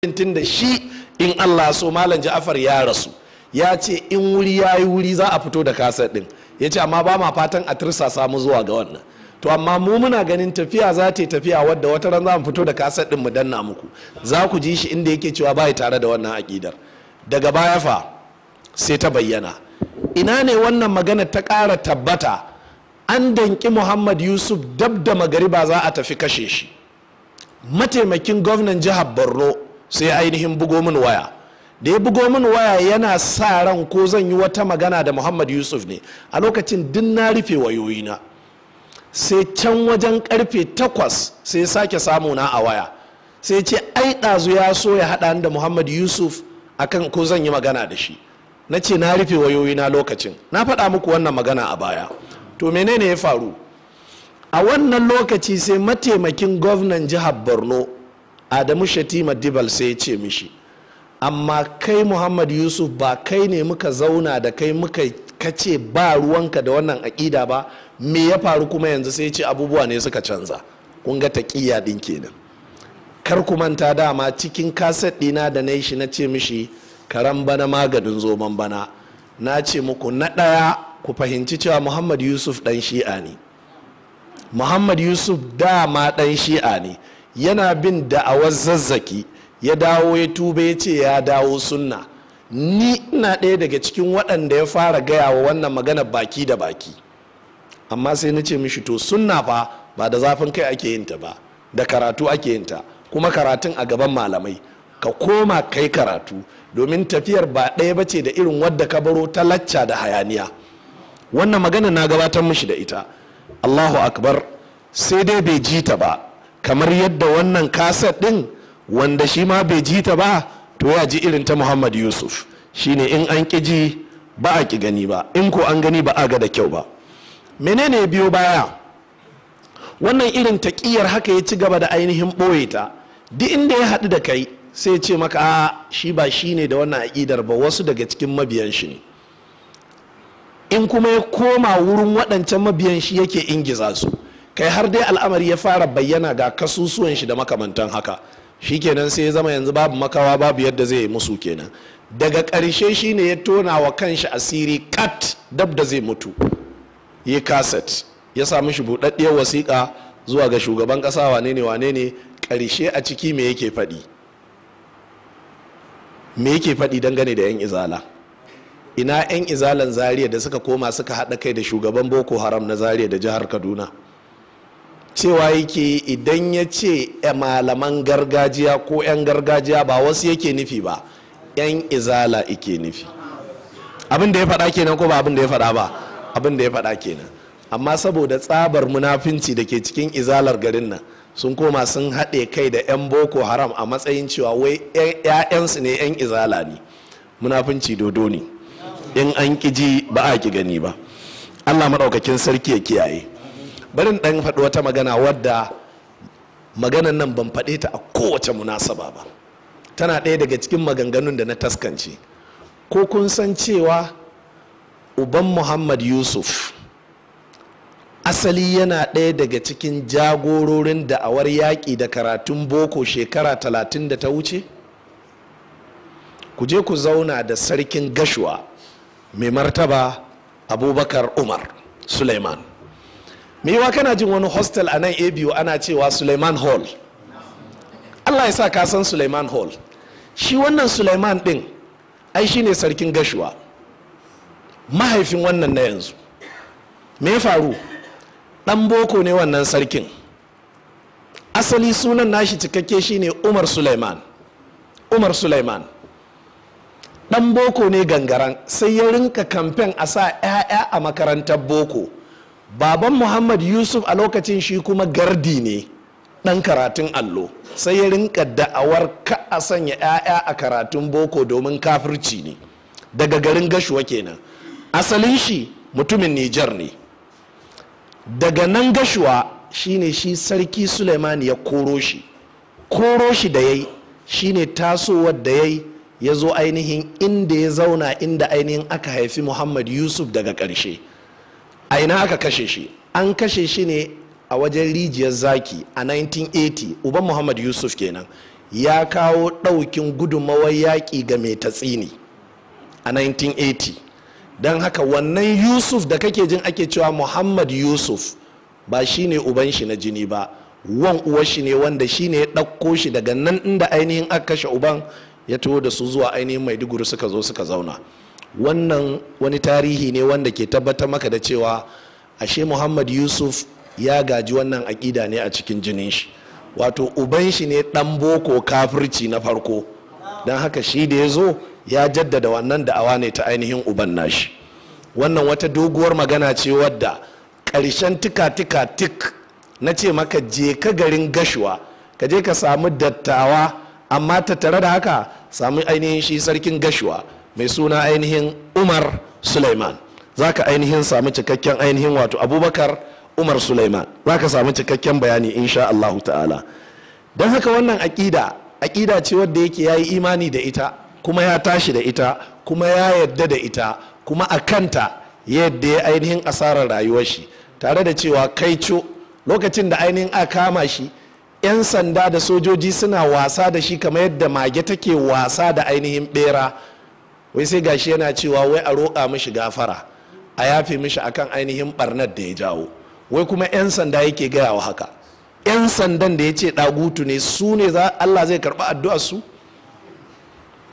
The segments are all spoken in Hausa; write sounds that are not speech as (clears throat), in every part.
tun da shi in Allah so malam Ja'far ya rasu ya ce in wuri ya yi wuri za a fito da kasar din ya ce amma ba ma fatan a tirsa samu zuwa ga wannan to amma mu muna ganin tafiya za ta yi tafiya wadda wata ran za mu fito da kasar din mu danna muku za ku ji shi inda yake cewa ba bai tare da wannan aƙidar daga baya fa sai ta bayyana ina ne wannan magana ta kara tabbata an danki Muhammad Yusuf dab da magariba za a tafi kashe shi mataimakin gwamnan jihar Borno sai ainihin bugo min waya da ya bugo min waya yana sa ran ko zan yi wata magana da muhammad yusuf ne a lokacin din na rufe wayoyina sai can wajen karfe takwas sai sake samuna a waya sai ce ai ɗazu ya so ya haɗa da muhammad yusuf a kan ko zan yi magana da shi na ce na rufe wayoyina lokacin na faɗa muku wannan magana a baya to menene ya faru a wannan lokaci sai mataimakin gwamnan jihar borno adamu shatima dibal sai ya ce mishi amma kai muhammad yusuf ba kai ne muka zauna da kai muka kace ba ruwanka da wannan aƙida ba me ya faru kuma yanzu sai ce abubuwa ne suka canza kun ga taƙiyya ɗin kenan kar ku manta dama cikin kaset ɗina da na shi na ce mishi karan bana maganin zoman bana na ce muku na ɗaya ku fahimci cewa muhammad yusuf ɗan shi'a ne muhammad yusuf dama ɗan shi'a ne yana bin da da'awar zazzaki ya dawo ya tuba ya ce ya dawo sunna ni ina ɗaya daga cikin waɗanda ya fara gaya wa wannan magana baki da baki amma sai na ce mishi to sunna fa ba da zafin kai ake yinta ba da karatu ake yinta kuma karatun a gaban malamai ka koma kai karatu domin tafiyar ba ɗaya ba ce da irin wadda ka baro ta lacca da hayaniya wannan magana na gabatar mishi da ita allahu akbar sai dai bai ji ta ba kamar yadda wannan kaset ɗin wanda shi ma bai ji ta ba to ya ji irin ta muhammad yusuf shine in an ƙi ji ba a ƙi gani ba in ko an gani ba a ga da kyau ba menene biyo baya wannan irin taƙiyar haka ya ci gaba da ainihin ɓoye ta duk inda ya haɗu da kai sai ce maka a shi ba shi ne da wannan aƙidar ba wasu daga cikin mabiyan shi ne in kuma ya koma wurin waɗancan mabiyan shi yake ingiza su kai har dai al'amari ya fara bayyana ga kasusuwan shi da makamantan haka shi shikenan sai ya zama yanzu babu makawa babu yadda zai yi musu kenan daga ƙarshe ne ya tona wa kanshi asiri kat dab da zai mutu ya kaset ya samu shi buɗaɗɗiyar wasiƙa zuwa ga shugaban ƙasa wane ne wane ne ƙarshe a ciki me yake faɗi me yake faɗi dangane da 'yan izala ina 'yan izalan zaria da suka koma suka haɗa kai da shugaban boko haram na zaria da jihar kaduna cewa yake idan ya ce eh, malaman gargajiya ko 'yan gargajiya ba wasu yake nufi ba 'yan izala yake nufi abin da ya faɗa kenan ko ba abin da ya faɗa ba abin da ya faɗa kenan amma saboda tsabar munafinci da ke cikin izalar garin nan sun koma sun haɗe kai da 'yan boko haram a matsayin cewa wai 'ya'yansu ne 'yan izala ne munafinci dodo ne in an ƙi ji ba a ki gani ba allah maɗaukakin sarki ya kiyaye barin ɗan faɗi wata magana wadda maganan nan ban faɗe ta a kowace munasaba ba tana ɗaya daga cikin maganganun da na taskance ko kun san cewa uban muhammad yusuf asali yana ɗaya daga cikin jagororin da'awar yaƙi da karatun boko shekara talatin da ta wuce ku je ku zauna da sarkin gashuwa mai martaba abubakar umar suleiman yiwa kana jin wani hostel a nan abu ana cewa suleiman hall allah ya sa ka san suleiman hall shi wannan suleiman din ai shi ne sarkin gashuwa mahaifin wannan na yanzu me ya faru dan boko ne wannan sarkin asali sunan nashi cikakke shine umar suleiman umar suleiman dan boko ne gangaran sai ya rinka kamfen a sa 'ya'ya a makarantar boko baban muhammad yusuf a lokacin shi kuma gardi ne ɗan karatun allo sai ya rinka da'awar ka a sanya 'ya'ya a karatun boko domin kafirci ne daga garin gashuwa kenan asalin shi mutumin nijar ne daga nan gashuwa shine shi sarki suleiman ya koro shi koro shi da yayi shine tasowar da yayi ya zo ainihin inda ya zauna inda ainihin aka haifi muhammad yusuf daga ƙarshe a ina aka kashe shi an kashe shi ne a wajen rijiyar zaki a 1980 uban muhammad yusuf kenan ya kawo ɗaukin gudunmawar yaƙi ga mai tatsini a 1980 don haka wannan yusuf da kake jin ake cewa muhammad yusuf ba shi ne uban shi na jini ba wan uwar shi ne wanda shi ne ya ɗauko shi daga nan inda ainihin aka kashe uban ya taho da su zuwa ainihin maiduguri suka zo suka zauna wannan wani tarihi ne wanda ke tabbatar maka da cewa ashe muhammad yusuf ya gaji wannan aƙida ne a cikin jinin shi wato uban shi ne ɗan boko kafirci na farko don haka shi da ya zo ya jaddada wannan da'awa ne ta ainihin uban nashi wannan wata doguwar magana ce wadda ƙarshen tika-tika tik na ce maka je ka garin gashuwa ka je ka samu dattawa amma ta tare da haka samu ainihin shi sarkin gashuwa mai suna ainihin umar suleiman za ka ainihin samu cikakken ainihin wato abubakar umar suleiman za ka samu cikakken bayani insha allahu ta'ala don haka wannan aƙida aƙida ce wadda yake ya yi imani da ita kuma ya tashi da ita kuma ya yadda da ita kuma a kanta yadda ya ainihin asarar rayuwar shi tare da cewa kai kaico lokacin da ainihin a kama shi 'yan sanda da sojoji suna wasa da shi kamar yadda mage take wasa da ainihin bera wai sai gashi yana cewa wai a roƙa mishi gafara a yafe mishi akan ainihin barnar da ya jawo wai kuma 'yan sanda yake gaya wa haka 'yan sandan da ya ce ɗagutu ne su ne allah zai karɓi addu'ar su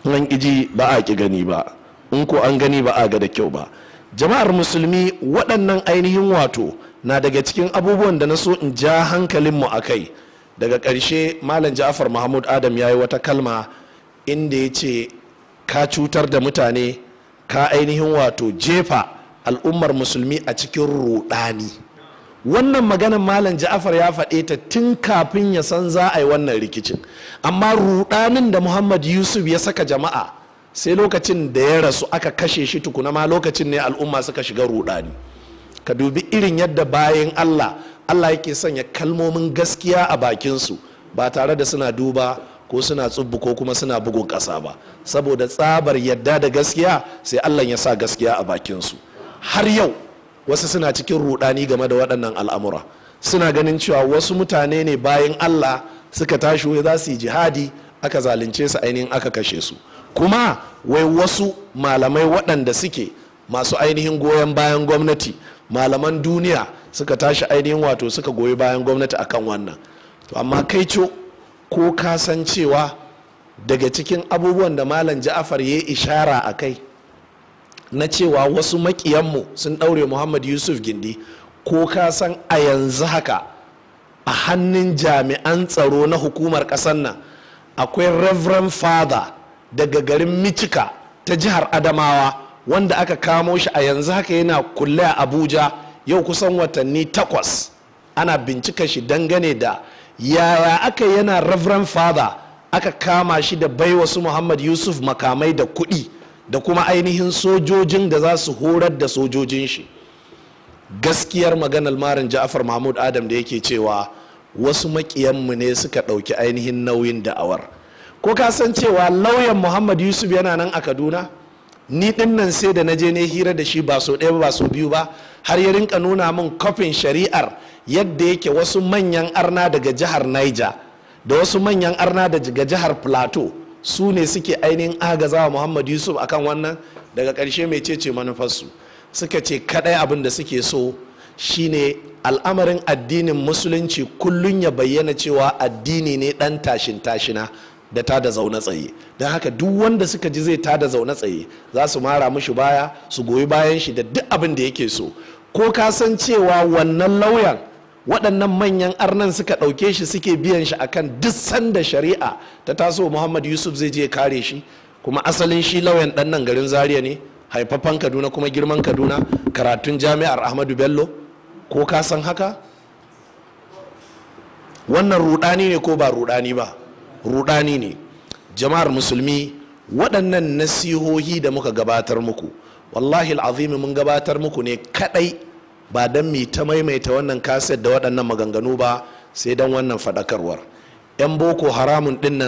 nan iji ba a ki gani ba in ko an gani ba a ga da kyau ba jama'ar musulmi waɗannan ainihin wato na daga cikin abubuwan da na so in ja hankalinmu a kai daga ƙarshe malam ja'afar mahmud adam ya yi wata kalma inda ya ce ka cutar da mutane ka ainihin wato jefa al'ummar musulmi a cikin rudani wannan maganan malam ja'afar ya faɗe ta tun kafin ya san za a yi wannan rikicin amma rudanin da muhammad yusuf ya saka jama'a sai lokacin da ya rasu aka kashe shi tukuna ma lokacin ne al'umma suka shiga rudani ka dubi irin yadda bayan allah allah yake sanya kalmomin gaskiya a bakinsu ba tare da suna duba ko suna tsubbu ko kuma suna bugun ƙasa ba saboda tsabar yadda da gaskiya sai allah ya sa gaskiya a bakinsu har yau wasu suna cikin rudani game da waɗannan al'amura suna ganin cewa wasu mutane ne bayan allah suka tashi wai za su yi jihadi aka zalunce su ainihin aka kashe su kuma wai wasu malamai waɗanda suke masu ainihin goyon bayan gwamnati malaman duniya suka tashi ainihin wato suka goyi bayan gwamnati akan wannan to amma kai ko ka cewa daga cikin abubuwan da malam ja'afar ya ishara a kai na cewa wasu makiyanmu sun ɗaure muhammad yusuf gindi ko kasan a yanzu haka a hannun jami'an tsaro na hukumar ƙasar nan akwai reverend father daga garin michika ta jihar adamawa wanda aka kamo shi a yanzu haka yana kulle a abuja yau kusan watanni takwas ana bincika shi dangane da yaya aka yana reverend father aka kama shi da bai wasu muhammad yusuf makamai da kudi da kuma ainihin sojojin da za su horar da sojojin shi gaskiyar maganar marin ja'afar mahmud adam da yake cewa wasu makiyanmu ne suka ɗauki ainihin nauyin da'awar ko ka san cewa lauyan muhammad yusuf yana nan a kaduna ni din nan sai da na je ne hira da shi ba so ɗaya ba so biyu ba har ya rinka nuna min kofin shari'ar yadda yake wasu manyan arna daga jihar niger da wasu manyan arna daga jihar plateau su ne suke ainihin agazawa muhammad yusuf akan wannan daga ƙarshe mai cece manufarsu suka ce kaɗai abin da suke so shine al'amarin addinin musulunci kullum ya bayyana cewa addini ne ɗan tashin tashina da ta da zaune tsaye don haka duk wanda suka ji zai ta da zaune tsaye za su mara mushi baya su goyi bayan shi da duk abin da yake so ko ka san cewa wannan lauyan waɗannan manyan arnan suka ɗauke shi suke biyan shi akan duk sanda shari'a ta taso muhammad yusuf zai je kare shi kuma asalin shi lauyan ɗan nan garin zaria ne haifafan kaduna kuma girman kaduna karatun jami'ar ahmadu bello ko ka san haka wannan rudani ne ko ba rudani ba rudani ne jama'ar musulmi waɗannan nasihohi da muka gabatar muku wallahi al'azimi mun gabatar muku ne kadai ba don mi ta maimaita wannan kaset da waɗannan maganganu ba sai don wannan faɗakarwar 'yan boko haramun ɗin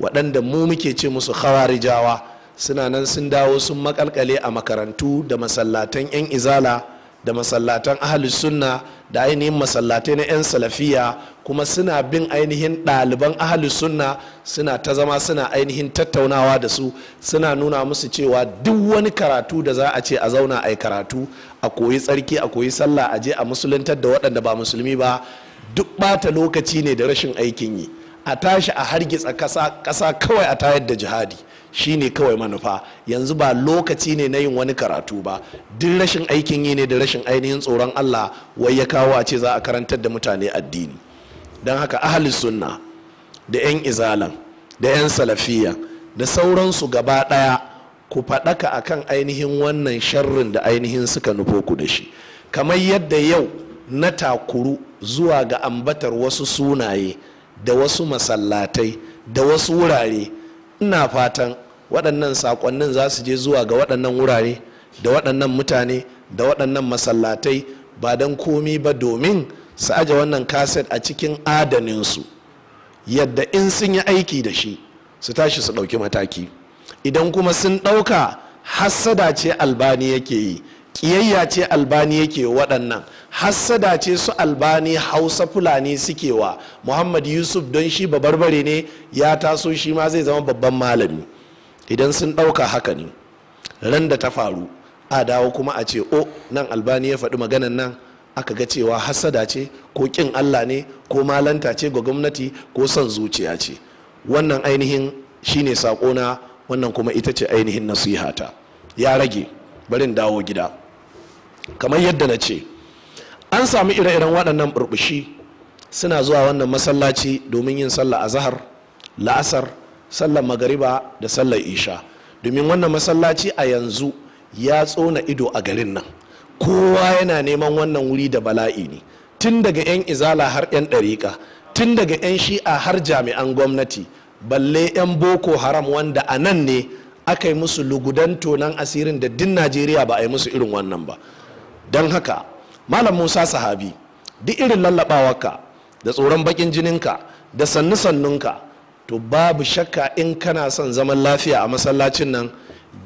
waɗanda mu muke ce musu khawarijawa suna nan sun dawo sun makalkale a makarantu da masallatan 'yan izala da masallatan ahalus sunna da ainihin masallatai na 'yan salafiya kuma suna bin ainihin ɗaliban ahalus sunna suna ta zama suna ainihin tattaunawa da su suna nuna musu cewa duk wani karatu da za a ce a zauna a yi karatu a koyi tsarki a koyi sallah a je a musuluntar da waɗanda ba musulmi ba duk ɓata lokaci ne da rashin aikin yi a tashi a hargitsa ƙasa kawai a tayar da jihadi shine kawai manufa yanzu ba lokaci ne na yin wani karatu ba duk rashin aikin yi ne da rashin ainihin tsoron Allah wai ya kawo a ce za a karantar da mutane addini don haka ahli sunna da 'yan izalan da 'yan salafiya da sauransu gaba ɗaya ku faɗaka kan ainihin wannan sharrin da ainihin suka nufo ku da shi kamar yadda yau na takuru zuwa ga ambatar wasu sunaye da wasu masallatai da wasu wurare ina fatan waɗannan saƙonnin za su je zuwa ga waɗannan wurare da waɗannan mutane da waɗannan masallatai ba don komi ba domin su aje wannan kaset a cikin adaninsu yadda in sun yi aiki da shi su tashi su ɗauki mataki idan kuma sun ɗauka hassada ce albani yake yi ƙiyayya ce albani yake waɗannan hassada ce su albani hausa fulani suke wa muhammad yusuf don shi babarbare ne ya taso shi ma zai zama babban malami idan sun ɗauka haka ne ran da ta faru a dawo kuma a ce o oh, nan albani ya faɗi maganan nan aka ga cewa hassada ce ko ƙin allah ne ko malanta ce ga gwamnati ko son zuciya ce wannan ainihin shine saƙona wannan kuma ita ce ainihin nasihata ya rage barin dawo gida kamar yadda na ce an sami ire-iren waɗannan burbushi suna zuwa wannan masallaci domin yin sallah azahar la'asar sallar magariba da sallar isha domin wannan masallaci a yanzu ya tsona ido a garin nan kowa yana neman wannan wuri da bala'i ne tun daga 'yan izala har 'yan ɗariƙa tun daga 'yan shi'a har jami'an gwamnati balle 'yan boko haram wanda a nan ne aka yi musu lugudan tonan asirin da din najeriya ba a yi musu irin wannan ba don haka malam musa sahabi duk irin lallabawarka da tsoron bakin jininka da sannu sannunka to babu shakka in kana son zaman lafiya a masallacin nan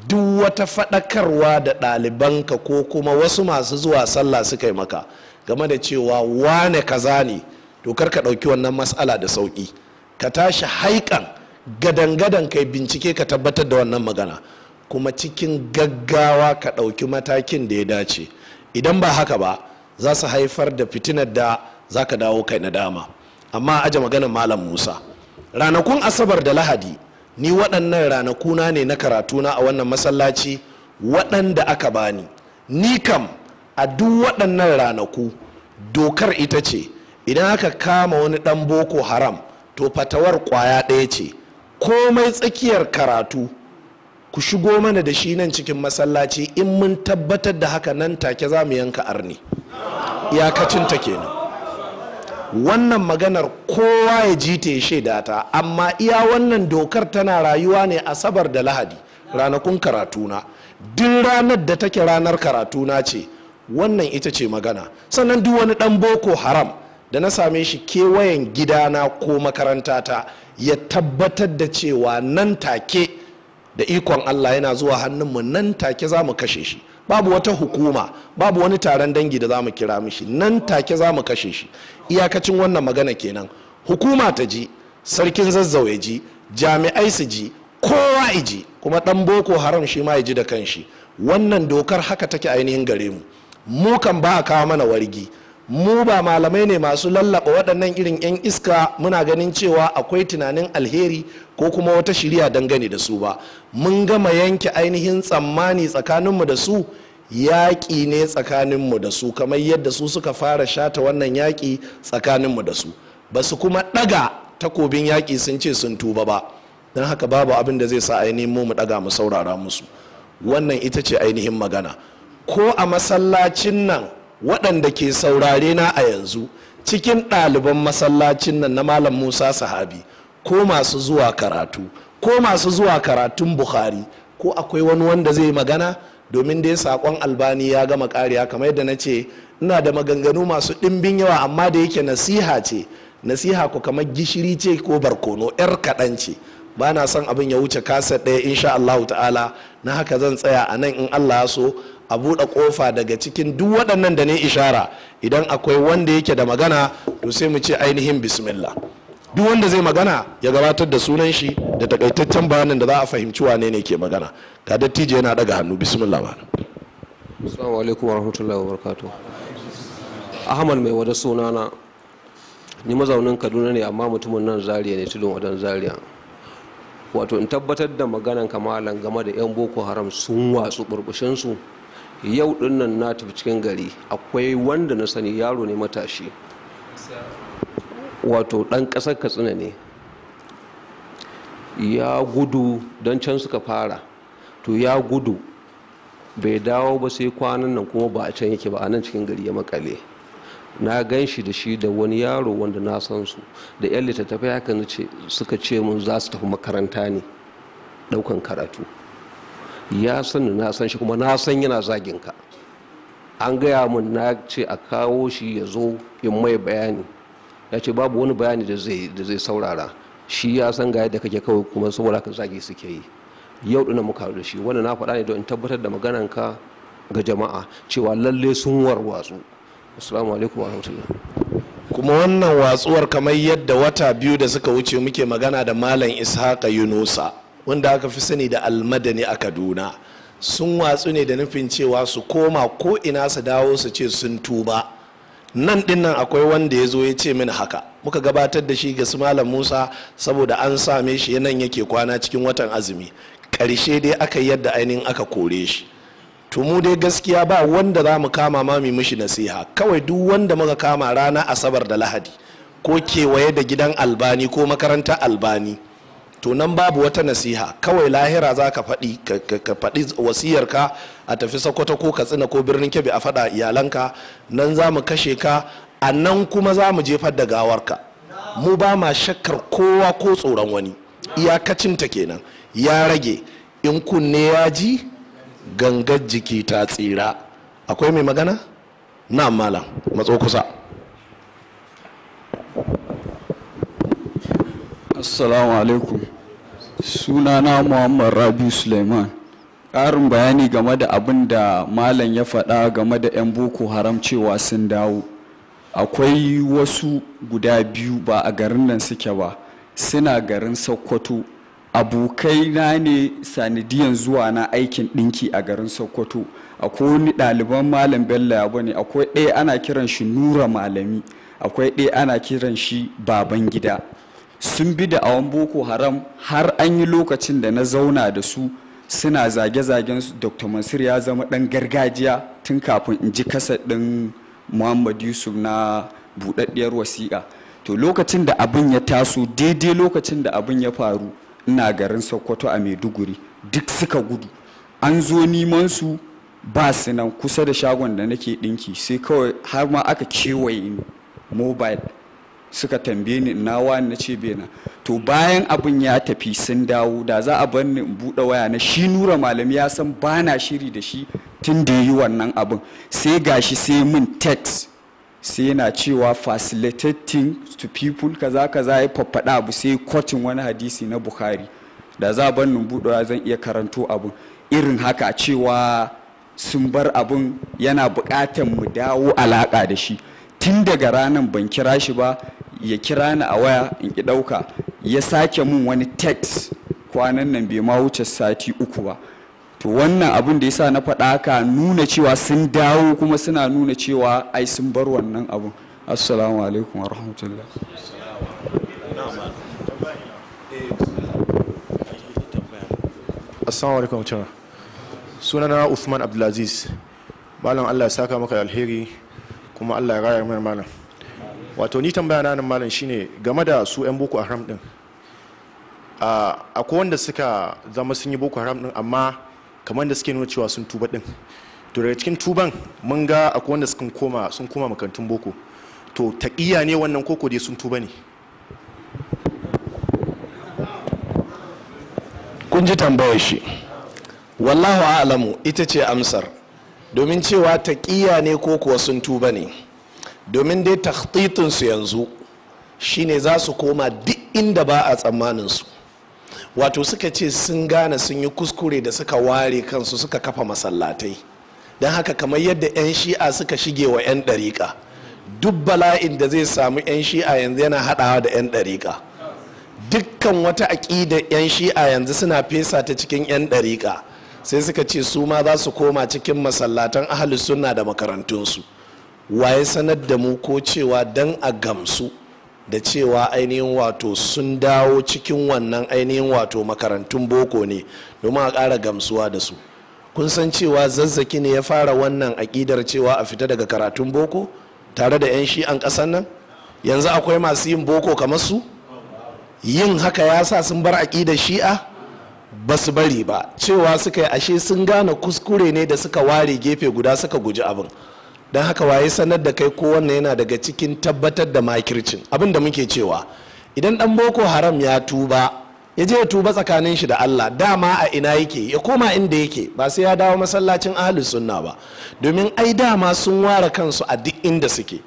duk wata faɗakarwa da ɗalibanka ko kuma wasu masu zuwa sallah suka yi maka game da cewa wane kaza ne to kar ka ɗauki wannan matsala da sauƙi ka tashi haikan gadan-gadan kai bincike ka tabbatar da wannan magana kuma cikin gaggawa ka ɗauki matakin da ya dace. idan ba haka ba za su haifar da fitinar da za ka dawo kai na dama amma aje maganin malam musa ranakun asabar da lahadi ni waɗannan ranakuna ne na karatuna a wannan masallaci waɗanda aka bani ni kam a duk waɗannan ranaku dokar ita ce idan aka kama wani ɗan boko haram to fatawar ƙwaya ɗaya ce komai tsakiyar karatu ku shigo mana da shi nan cikin masallaci in mun tabbatar da haka nan take za mu yanka arni Iyakacinta kenan wannan maganar kowa ya ji ta shaida ta amma iya wannan dokar tana rayuwa ne asabar da lahadi ranakun karatuna duk ranar da take ranar karatuna ce wannan ita ce magana sannan duk wani dan boko haram da na same shi kewayen gidana ko makarantata ya tabbatar da cewa nan take da ikon Allah yana zuwa hannun mu nan take za mu kashe shi babu wata hukuma babu wani taron dangi da za mu kira mishi nan take za mu kashe shi iyakacin wannan magana kenan hukuma ta ji sarkin zazzau ya ji jami'ai su ji kowa ji kuma dan boko haram shi ma ya ji da kanshi wannan dokar haka take ainihin gare mu mu kan ba a kawo mana wargi mu ba malamai ne masu lallaba waɗannan irin 'yan iska muna ganin cewa akwai tunanin alheri ko kuma wata shirya dangane da su ba mun gama yanke ainihin tsammani tsakaninmu da su yaƙi ne tsakaninmu da su kamar yadda su suka fara shata wannan yaƙi tsakaninmu da su ba su kuma ɗaga takobin yaƙi sun ce sun tuba ba don haka babu abin da zai sa ainihin mu mu ɗaga mu saurara musu wannan ita ce ainihin magana ko a masallacin nan waɗanda ke saurare na a yanzu cikin ɗaliban masallacin nan na malam musa sahabi ko masu zuwa karatu ko masu zuwa karatun buhari ko akwai wani wanda zai magana domin dai sakon albani ya gama kariya kamar yadda na ce ina da maganganu masu ɗimbin yawa amma da yake nasiha ce nasiha ku kamar gishiri ce ko barkono yar kaɗan ce ba na son abin ya wuce kasa ɗaya insha ta'ala na haka zan tsaya a nan in Allah ya so a buɗe ƙofa daga cikin duk waɗannan da ne ishara idan akwai wanda yake da magana to sai mu ce ainihin bismillah duk wanda zai magana ya gabatar da sunan shi da takaitaccen bayanin da za a fahimci wane ne ke magana ga dattijo yana daga hannu bismillah ba. assalamu alaikum wa rahmatullahi wa barakatuh ahmad mai wada sunana ni mazaunin kaduna ne amma mutumin nan zaria ne tudun wadan zaria wato in tabbatar da maganan kamalan game da 'yan boko haram sun watsu burbushinsu yau din nan na tafi cikin gari akwai wanda na sani yaro ne matashi wato dan kasar katsina ne ya gudu don can suka fara to ya gudu bai dawo ba sai kwanan nan kuma ba a can yake ba a nan cikin gari ya makale na gan shi da shi da wani yaro wanda na san su da yan littattafai haka suka ce mun za su tafi makaranta ne ɗaukan karatu ya sani na san shi kuma na san yana zagin ka an gaya mun na ce a kawo shi ya zo in mai bayani ya ce babu wani bayani da zai saurara shi ya san ga yadda kake kawai kuma saboda ka zagi suke yi yau dina muka da shi wanda na faɗa ne don tabbatar da maganan ka ga jama'a cewa lalle sun warwatsu assalamu alaikum wa rahmatullah kuma wannan watsuwar kamar yadda wata biyu da suka wuce muke magana da malam ishaqa yunusa wanda aka fi sani da almadani a kaduna sun watsu ne da nufin cewa su koma ko ina su dawo su ce sun tuba nan dinnan akwai wanda ya zo ya ce mini haka muka gabatar da shi ga su malam musa saboda an same shi nan yake kwana cikin watan azumi ƙarshe dai aka yadda ainihin aka kore shi to mu dai gaskiya ba wanda za mu kama ma mu mishi nasiha kawai duk wanda muka kama rana asabar da lahadi ko kewaye da gidan albani ko makarantar albani to nan babu wata nasiha kawai lahira za ka faɗi ka faɗi wasiyarka a tafi sokoto ko katsina ko birnin kebe a faɗa iyalanka nan za mu kashe ka a nan kuma za mu jefar da ka mu ba ma shakkar kowa ko tsoron wani iyakacinta kenan ya rage in kunne ya ji gangar jiki ta tsira akwai mai magana na malam matso kusa assalamu alaikum sunana muhammad rabi suleiman ƙarin bayani game da abin da malam ya faɗa game da 'yan boko haram cewa sun dawo akwai wasu guda biyu ba a garin nan suke ba suna garin sokoto abokai na ne sanadiyan zuwa na aikin ɗinki a garin sokoto akwai wani ɗaliban malam bello ya bane akwai ɗaya ana kiran shi nura malami akwai ɗaya ana kiran shi baban gida sun bi da awon boko haram har an yi lokacin da na zauna da su suna zage-zagen su dr mansur ya zama dan gargajiya tun kafin in ji kasa din muhammad yusuf na budaddiyar wasiƙa to lokacin da abin ya taso daidai lokacin da abin ya faru ina garin sokoto a maiduguri duk suka gudu an zo neman su ba su nan kusa da shagon da nake ɗinki sai kawai har ma aka kewaye mobile suka tambaye ni na wani na ce bena to bayan abin ya tafi sun dawo da za a bar ni in buɗe waya na shi nura malam ya san bana shiri da shi tun da yi wannan abin sai gashi sai min text sai yana cewa facilitating to people kaza kaza ya faffaɗa abu sai kwatin wani hadisi na bukhari da za ban nun buɗewa zan iya karanto abin irin haka cewa sun bar abin yana bukatan mu dawo alaƙa da shi tun daga ranar ban kira shi ba ya kira ni a waya in ki ɗauka ya sake mun wani text kwanan nan bai ma wuce sati uku ba to wannan abin da yasa na faɗa ka nuna cewa sun dawo kuma suna nuna cewa ai sun bar wannan abin assalamu alaikum wa rahmatullah assalamu alaikum cewa sunana usman abdulaziz malam allah ya saka maka alheri kuma allah ya raya mana malam wato ni tambaya na nan malam shine game da su yan boko haram din akwai wanda suka zama sun yi boko haram din amma kamar da suke nuna cewa sun tuba din to daga cikin tuban mun ga akwai wanda sun koma sun koma makarantun boko to taqiya ne wannan koko dai sun tuba ne kun ji tambayar shi wallahu a'lamu ita ce amsar domin cewa taqiya ne ko kuwa sun tuba ne domin dai takhtitinsu yanzu shine za su koma duk inda ba a su wato suka ce sun gane sun yi kuskure da suka ware kansu suka kafa masallatai don haka kamar yadda 'yan shi'a suka shige wa 'yan ɗariƙa duk bala'in da zai samu 'yan shi'a yanzu yana haɗawa da 'yan ɗariƙa dukkan wata aƙida 'yan shi'a yanzu suna fesa ta cikin 'yan ɗariƙa sai suka ce su ma za su koma cikin masallatan ahalus sunna da makarantunsu waye sanar da mu ko cewa dan a gamsu da cewa ainihin wato sun dawo cikin wannan ainihin wato makarantun boko ne domin a ƙara gamsuwa da su kun san cewa zazzaki ne ya fara wannan aƙidar cewa a fita daga karatun boko tare da 'yan shi'an ƙasan nan yanzu akwai masu yin boko kamar su yin haka ya sa sun bar aƙidar shi'a ba su bari ba cewa suka yi ashe sun gane kuskure ne da suka ware gefe guda suka guji abin don haka waye sanar da kai ko wannan yana daga cikin tabbatar da makircin abin da muke cewa idan dan boko haram ya tuba ya je ya tuba tsakanin shi da Allah dama a ina yake ya koma inda yake ba sai ya dawo masallacin ahlus sunna ba domin ai dama sun ware kansu a duk inda suke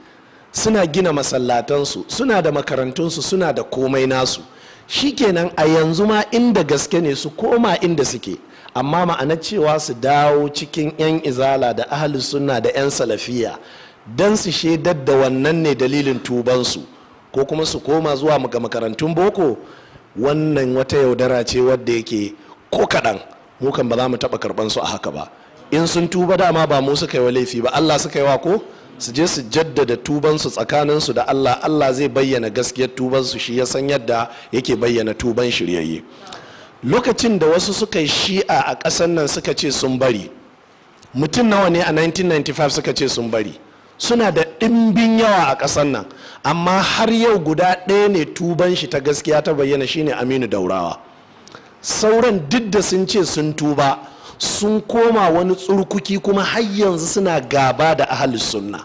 suna gina masallatansu suna da makarantunsu suna da komai nasu shikenan a yanzu ma inda gaske ne su koma inda suke amma ma'ana cewa su dawo cikin 'yan izala da ahli suna da 'yan salafiya don su shaidar da wannan ne dalilin tubansu ko kuma su koma zuwa ga makarantun boko wannan wata yaudara ce wadda yake ko kaɗan mu kan ba za mu taɓa karɓan su a haka ba in sun tuba dama ba mu suka yi wa laifi ba allah suka yi wa ko su je su jaddada tubansu tsakaninsu da allah allah zai bayyana gaskiyar tubansu shi ya san yadda yake bayyana tuban shiryayye lokacin da wasu suka yi shi'a a ƙasar nan suka ce sun bari mutum nawa ne a 1995 suka ce sun bari suna da ɗimbin yawa a ƙasar nan amma har yau guda ɗaya ne tuban shi ta gaskiya ta bayyana shine aminu daurawa sauran duk da sun ce sun tuba sun koma wani tsurkuki kuma har yanzu suna gaba da ahalus sunna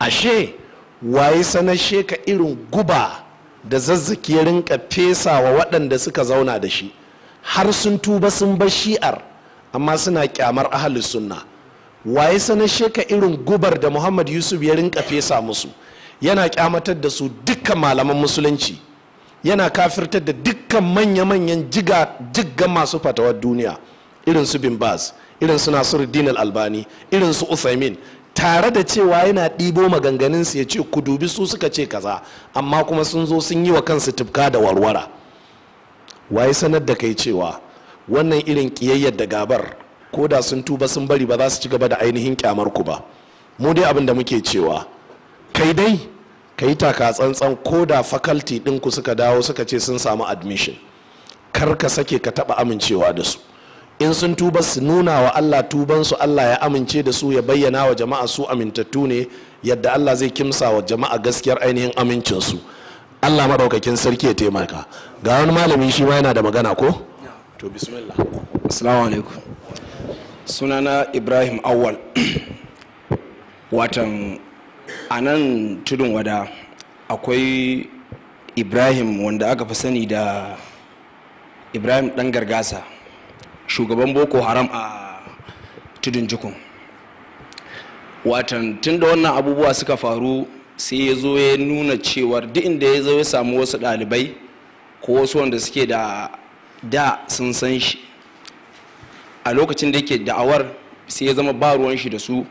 ashe waye sanar sheka irin guba da zazzaki ya rinka fesa wa waɗanda suka zauna da shi har sun tuba sun bar shi'ar amma suna kyamar ahalus sunna waye sanar sheka irin gubar da muhammad yusuf ya rinka fesa musu yana kyamatar da su dukkan malaman musulunci yana kafirtar da dukkan manya-manyan jigga masu fatawar duniya irin su bin baz irin su albani irin su uthaymin tare da cewa yana ɗibo maganganunsu ya ce ku dubi su suka ce kaza amma kuma sun zo sun yi wa kansu tufka da warwara waye sanar da kai cewa wannan irin ƙiyayyar da gabar ko da sun tuba sun bari ba za su ci gaba da ainihin kyamar ku ba mu dai abin da muke cewa kai dai ka yi taka tsantsan ko da faculty ɗinku suka dawo suka ce sun samu admission kar ka sake ka taɓa amincewa da su in sun tuba su nuna wa Allah tubansu Allah ya amince da su ya bayyana wa jama'a su amintattu ne yadda Allah zai kimsa wa jama'a gaskiyar ainihin amincinsu Allah maɗaukakin sarki ya taimaka ga wani malami shi ma yana da magana ko to bismillah assalamu alaikum sunana ibrahim awwal (clears throat) watan a nan tudun wada akwai ibrahim wanda aka fi sani da ibrahim dan gargasa shugaban boko haram a tudun jikun watan tun da wannan abubuwa suka faru sai ya zo ya nuna cewar duk inda ya zo ya samu wasu ɗalibai ko wasu wanda suke da da sun san shi a lokacin da yake da'awar sai ya zama ba ruwan shi da su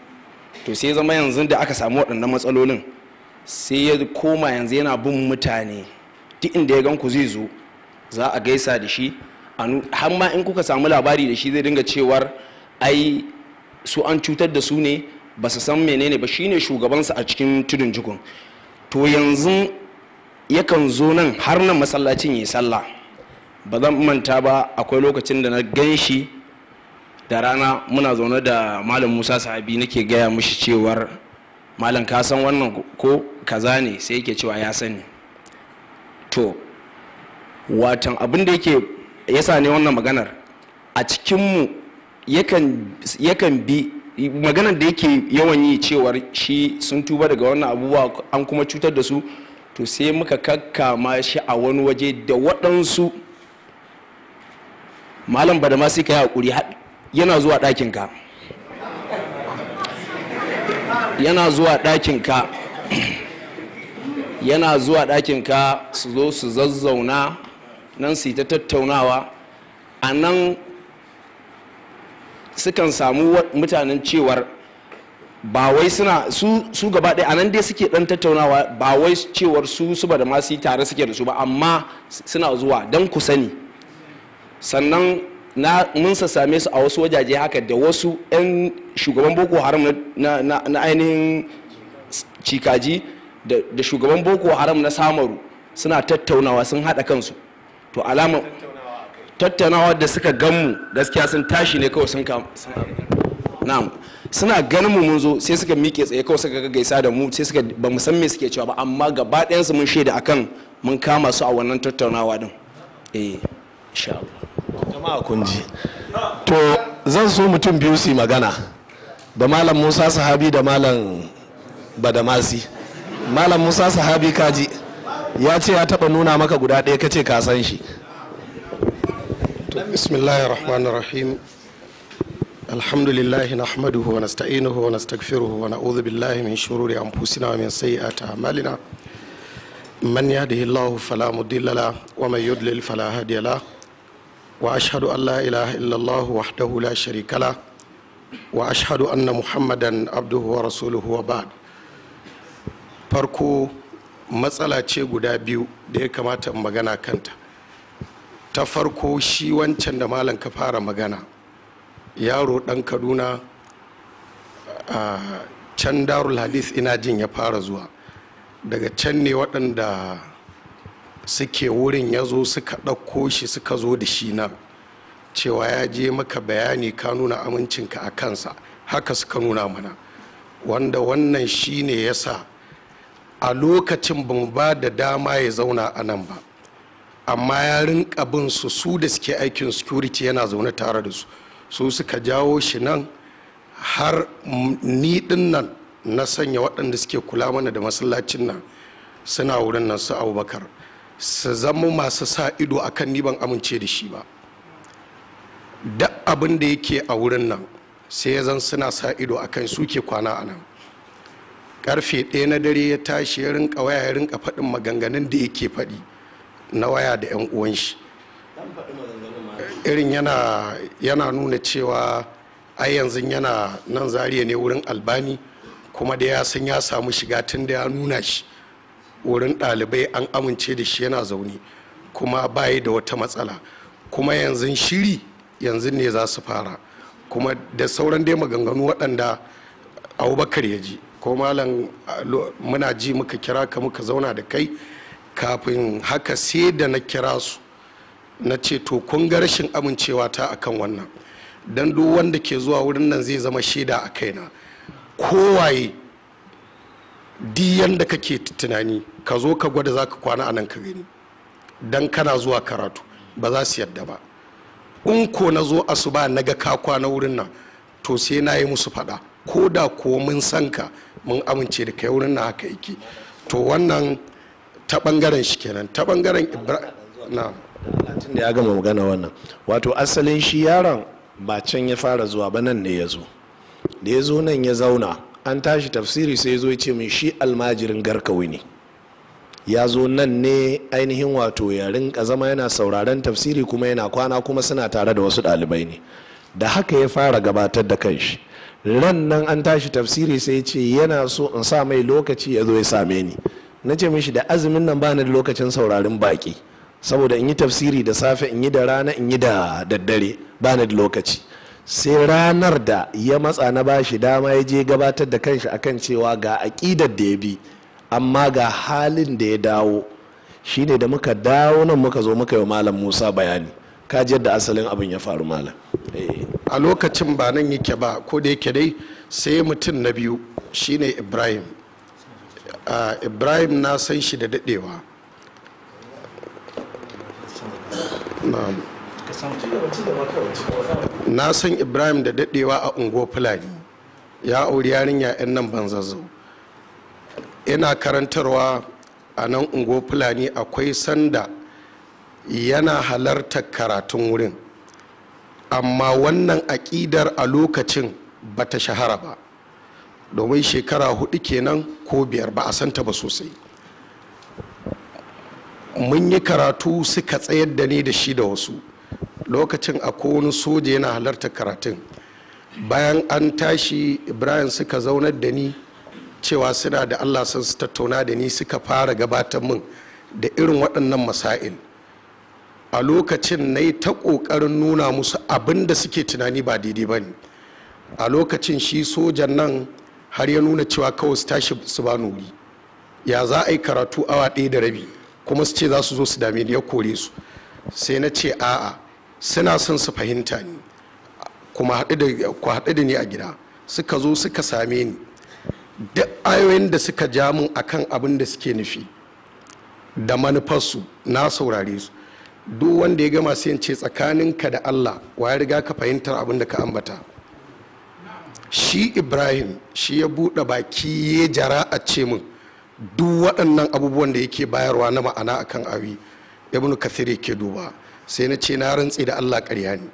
to sai ya zama yanzu da aka samu waɗannan matsalolin sai ya koma yanzu yana bin mutane duk inda ya gan zai zo za a gaisa da shi har ma in kuka samu labari da shi zai dinga cewar ai su an cutar da su ne ba su san menene ba shine shugabansu a cikin tudun jikun to yanzu yakan zo nan har nan masallacin yi sallah ba zan manta ba akwai lokacin da na gan shi da rana muna zaune da malam musa sahabi nake gaya mishi cewar malam ka san wannan ko kaza ne sai yake cewa ya sani to watan abin da yake yasa ne wannan maganar a cikinmu yakan bi maganar da yake yawan yi cewar shi sun tuba daga wannan abubuwa an kuma cutar da su to sai muka kakkama shi a wani waje da waɗansu malam ba da ma sai ka yi haƙuri yana zuwa ɗakinka yana zuwa ɗakinka yana zuwa ɗakinka su zo su zazzauna nan su ta tattaunawa a nan sukan samu mutanen cewar ba wai suna su, su gaba ɗaya a nan dai suke ɗan tattaunawa ba wai cewar su su ba da masu tare suke da su ba amma suna zuwa don ku sani sannan na mun same su a wasu wajaje haka da wasu 'yan shugaban boko haram na, ainihin cikaji da, da shugaban boko haram na samaru suna tattaunawa sun haɗa kansu to alama tattaunawa da suka ganmu gaskiya sun tashi ne kawai sun kama na'am suna ganin mu mun zo sai suka miƙe tsaye kawai suka gaisa da mu sai suka ba mu san me suke cewa ba amma gaba ɗayan su mun shaida akan mun kama su a wannan tattaunawa din eh insha Allah jama'a kun ji to zan so mutum biyu su magana da malam Musa Sahabi da malam Badamasi malam Musa Sahabi kaji ya ce ya taba nuna maka guda ɗaya ka ce san shi bismillahirrahmanirrahim alhamdulillahi na ahmadu wa nasta'inuhu wa nastaghfiruhu wa na'udhu billahi min shururi anfusina wa min sayyiati a'malina man yahdihillahu fala mudilla la wa man yudlil fala hadiya wa ashhadu an la ilaha illallah wahdahu la sharika la wa ashhadu anna muhammadan abduhu wa rasuluhu wa ba'd farko matsala ce guda biyu da ya kamata in magana kanta ta farko shi wancan da malam ka fara magana yaro dan kaduna a can darul hadis ina jin ya fara zuwa daga can ne waɗanda suke wurin ya zo suka ɗauko shi suka zo da shi nan cewa ya je maka bayani ka nuna amincinka a kansa haka suka nuna mana wanda wannan shi ne ya sa a lokacin ba mu ba da dama ya zauna a nan ba amma ya rinka bin su su da suke aikin security yana zaune tare da su su suka jawo shi nan har ni din nan na sanya waɗanda suke kula mana da masallacin nan suna wurin nan su abubakar su zama masu sa ido akan ni ban amince da shi ba duk abin da yake a wurin nan sai ya zan suna sa ido akan suke kwana a nan karfe ɗaya na dare ya tashi ya rinka waya ya rinka faɗin maganganun da yake faɗi na waya da 'yan uwan shi irin yana nuna cewa a yanzu yana nan zariya ne wurin albani kuma da ya san ya samu shiga tun da ya nuna shi wurin ɗalibai an amince da shi yana zaune kuma bayi da wata matsala kuma yanzu shiri yanzu ne za su fara kuma da sauran dai maganganu waɗanda abubakar ya ji ko malam muna ji muka kira ka muka zauna da kai kafin haka sai da na kira su na ce to kun ga rashin amincewa ta akan wannan don duk wanda ke zuwa wurin nan zai zama shaida a kaina kowaye di yanda kake tunani ka zo ka gwada za ka kwana a nan ka gani don kana zuwa karatu ba za su yadda ba in ko na zo asuba na ga ka kwana wurin nan to sai na yi musu faɗa ko da ko mun san ka mun amince da kai wurin na haka yake to wannan ta bangaren shi kenan ta bangaren Ibrahim na latin da ya gama magana wannan wato asalin shi yaron ba can ya fara zuwa ba nan ne ya zo da ya zo nan ya zauna an tashi tafsiri sai ya zo ya ce min shi almajirin garkawi ne ya zo nan ne ainihin wato yarin rinka zama yana sauraren tafsiri kuma yana kwana kuma suna tare da wasu ɗalibai ne da haka ya fara gabatar da kanshi ran nan an tashi tafsiri sai ce yana so in sa mai lokaci ya zo ya same ni na ce mishi da azumin nan bani da lokacin saurarin baki saboda in yi tafsiri da safe in yi da rana in yi da daddare bani da lokaci sai ranar da ya matsa na bashi dama ya je gabatar da kanshi a kan cewa ga aƙidar da ya bi amma ga halin da ya dawo shine da muka dawo nan muka zo muka yi malam musa bayani ka ji yadda asalin abin ya faru malam eh. a lokacin ba nan yake ba ko da yake dai sai mutum na biyu shine ibrahim ibrahim na san shi da dadewa na san ibrahim da dadewa a unguwar fulani ya auri yarinya 'yan nan banzazzau ina karantarwa a nan unguwar fulani akwai sanda yana halartar karatun wurin amma wannan aƙidar a lokacin ba ta shahara ba domin shekara hudu kenan ko biyar ba a santa ba sosai mun yi karatu suka tsayar da ni da shi da wasu lokacin a wani soja yana halartar karatun bayan an tashi ibrahim suka zaunar da ni cewa suna da allah sun su tattauna da ni suka fara gabatar min da irin waɗannan masail a lokacin na yi ta ƙoƙarin nuna musu abin da suke tunani ba daidai ba ne a lokacin shi sojan nan har ya nuna cewa kawai su tashi su ba nuri ya za a yi karatu awa ɗaya da rabi kuma su ce za su zo su dame ni ya kore su sai na ce a'a suna son su fahimta ni kuma haɗu da ni a gida suka zo suka same ni duk ayoyin da suka ja mun akan abin da suke nufi da manufarsu na saurare su duk wanda ya gama sai ce ka da Allah wa ya riga ka fahimtar abin da ka ambata shi ibrahim shi ya buɗe baki ya jara a ce min duk waɗannan abubuwan da yake bayarwa na ma'ana akan awi Ibn kathir ke duba sai na ce na rantse da Allah ƙarya ne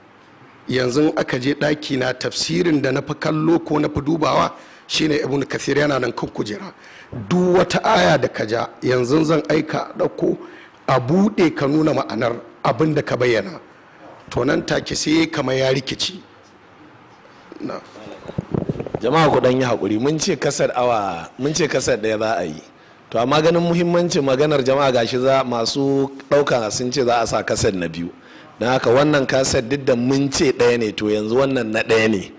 yanzu aka je ɗaki na tafsirin da na fi kallo ko na fi dubawa shine Ibn kathir yana nan kan kujera duk wata aya da ka ja yanzu zan aika ɗauko a buɗe ka nuna ma'anar abin da ka bayyana to nan take sai kama ya rikici jama'a ku yi hakuri mun ce kasar awa mun ce kasar ɗaya za a yi to amma ganin muhimmancin maganar jama'a gashi za masu ɗauka sun ce za a sa kasar na biyu don haka wannan kasar duk da mun ce ɗaya ne to yanzu wannan na ɗaya ne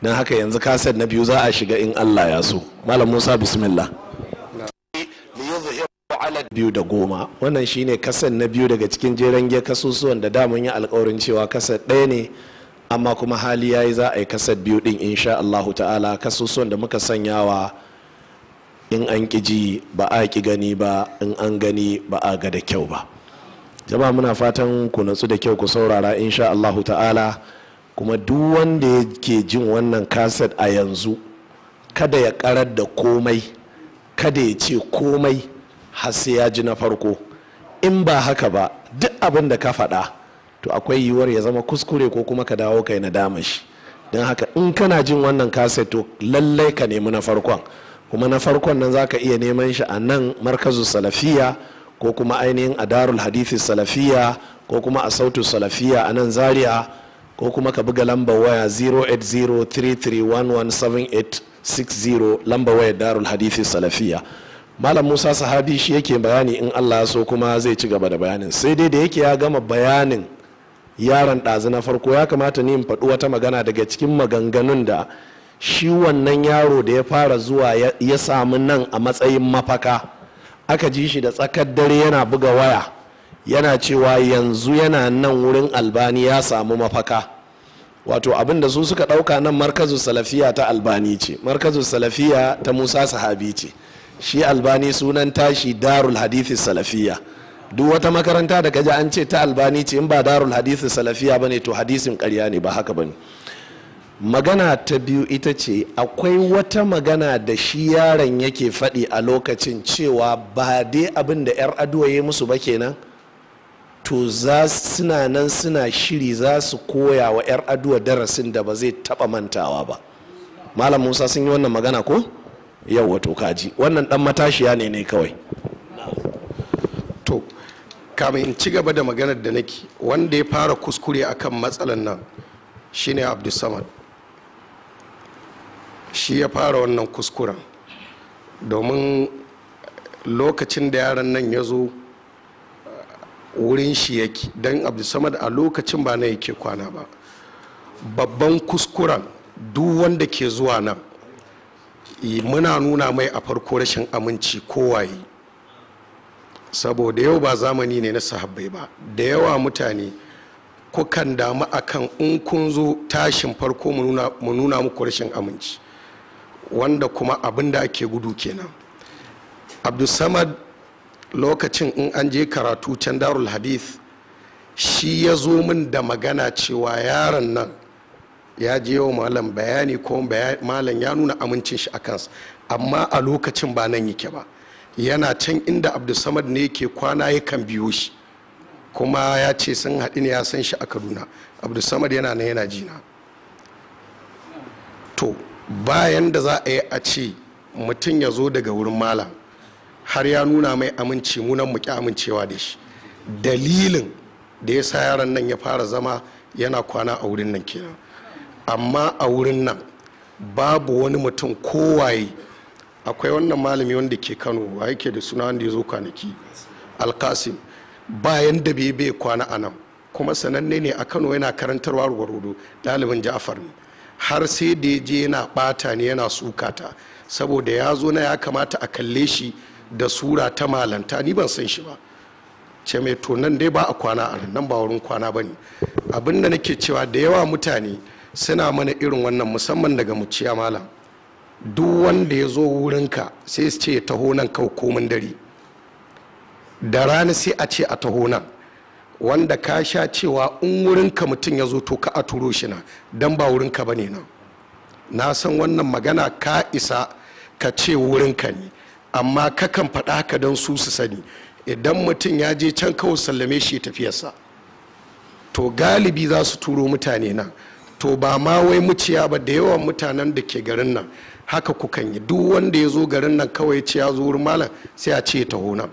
don haka yanzu kasar na biyu za a shiga in allah ya so malam musa bismillah alal biyu da goma wannan shine kasan na biyu daga cikin jeren ge kasusuwan da damun yi alkawarin cewa kasar ɗaya ne amma kuma hali ya yi za a yi kasar biyu din insha Allah ta'ala kasusuwan da muka sanyawa in an ji ba a ƙi gani ba in an gani ba a ga da kyau ba jama'a muna fatan ku natsu da kyau ku saurara insha Allah ta'ala kuma duk wanda ke jin wannan kasar a yanzu kada ya karar da komai kada ya ce komai har ya ji na farko in ba haka ba duk abin da ka faɗa to akwai yiwuwar ya zama kuskure ko kuma ka dawo kai na dama shi don haka in kana jin wannan kaset to lallai ka nemi na farkon kuma na farkon nan za ka iya neman shi a nan markazu salafiya ko kuma ainihin a darul hadithi salafiya ko kuma a sautu salafiya a nan zaria ko kuma ka buga lamba waya 08033117860 lamba waya darul hadithi salafiya malam musa sahabi shi yake bayani in allah so kuma zai ci gaba da bayanin sai dai da yake ya gama bayanin yaron ɗazu na farko ya kamata ni in faɗi wata magana daga cikin maganganun da shi wannan yaro da ya fara zuwa ya samu nan a matsayin mafaka aka ji shi da tsakar dare yana buga waya yana cewa yanzu yana nan wurin albani ya samu mafaka wato abin da su suka ɗauka nan markazu salafiya ta albani ce markazu salafiya ta musa sahabi ce shi albani sunan tashi darul hadithi salafiya duk wata makaranta da kaji an ce ta albani ce in ba darul hadithi salafiya ba ne to hadisin karya ne ba haka ba ne magana ta biyu ita ce akwai wata magana da shi yaron yake faɗi a lokacin cewa ba dai abin da 'yar aduwa ya musu ba kenan to za suna nan suna shiri za su koya wa 'yar aduwa darasin da ba zai taɓa mantawa ba malam musa sun yi wannan magana ko? yau wato kaji wannan dan matashiya ne ne kawai to kamin in ci gaba da maganar da nake wanda ya fara kuskure akan matsalan nan shine abdulsamad shi ya fara wannan kuskuren domin lokacin da yaran nan ya zo wurin shi yake don abdulsamad a lokacin ba na yake kwana ba babban kuskuren duk wanda ke zuwa nan muna nuna mai a farko rashin aminci kowaye saboda yau ba zamani ne na sahabbai ba da yawa mutane kukan damu akan in kun zo tashin farko mu nuna muku rashin aminci wanda kuma abin da ake gudu kenan abdulsamad lokacin in an je karatu can darul hadith shi ya zo min da magana cewa yaron nan ya je wa malam bayani ko malam ya nuna amincin shi a kansa amma a lokacin ba nan yake ba yana can inda abdulsamad ne yake kwana yakan biyo shi kuma ya ce sun haɗu ne ya san shi a kaduna abdulsamad yana na yana jina to bayan da za a yi a ce mutum ya zo daga wurin malam har ya nuna mai aminci munan mu amincewa da shi dalilin da ya sa yaron nan ya fara zama yana kwana a wurin nan kenan amma a wurin nan babu wani mutum kowaye akwai wannan malami wanda ke kano a yake da suna wanda ya zo kwanaki alkasim bayan da bai bai kwana a nan kuma sananne ne a kano yana karantarwa rubarudu ɗalibin ja'afar ne har sai da ya je yana ɓata ne yana sukata saboda ya zo na ya kamata a kalle shi da sura ta malanta ni ban san shi ba ce mai to nan dai ba a kwana a nan ba wurin kwana ba ne abin nake cewa da yawa mutane suna mana irin wannan musamman daga muciya malam duk wanda ya zo wurinka sai su ce ya taho nan kawai komin dare da rana sai a ce a taho nan wanda ka sha cewa in wurinka mutum ya zo to ka a turo shi na don ba wurinka ba ne nan na san wannan magana ka isa ka ce wurinka ne amma kakan faɗa haka don su su sani idan mutum ya je can kawai sallame shi tafiyarsa to galibi za su turo mutane nan to ba ma wai muciya ba da yawan mutanen da ke garin nan haka kukan yi duk wanda ya zo garin nan kawai ce ya zo wurin malam sai a ce taho nan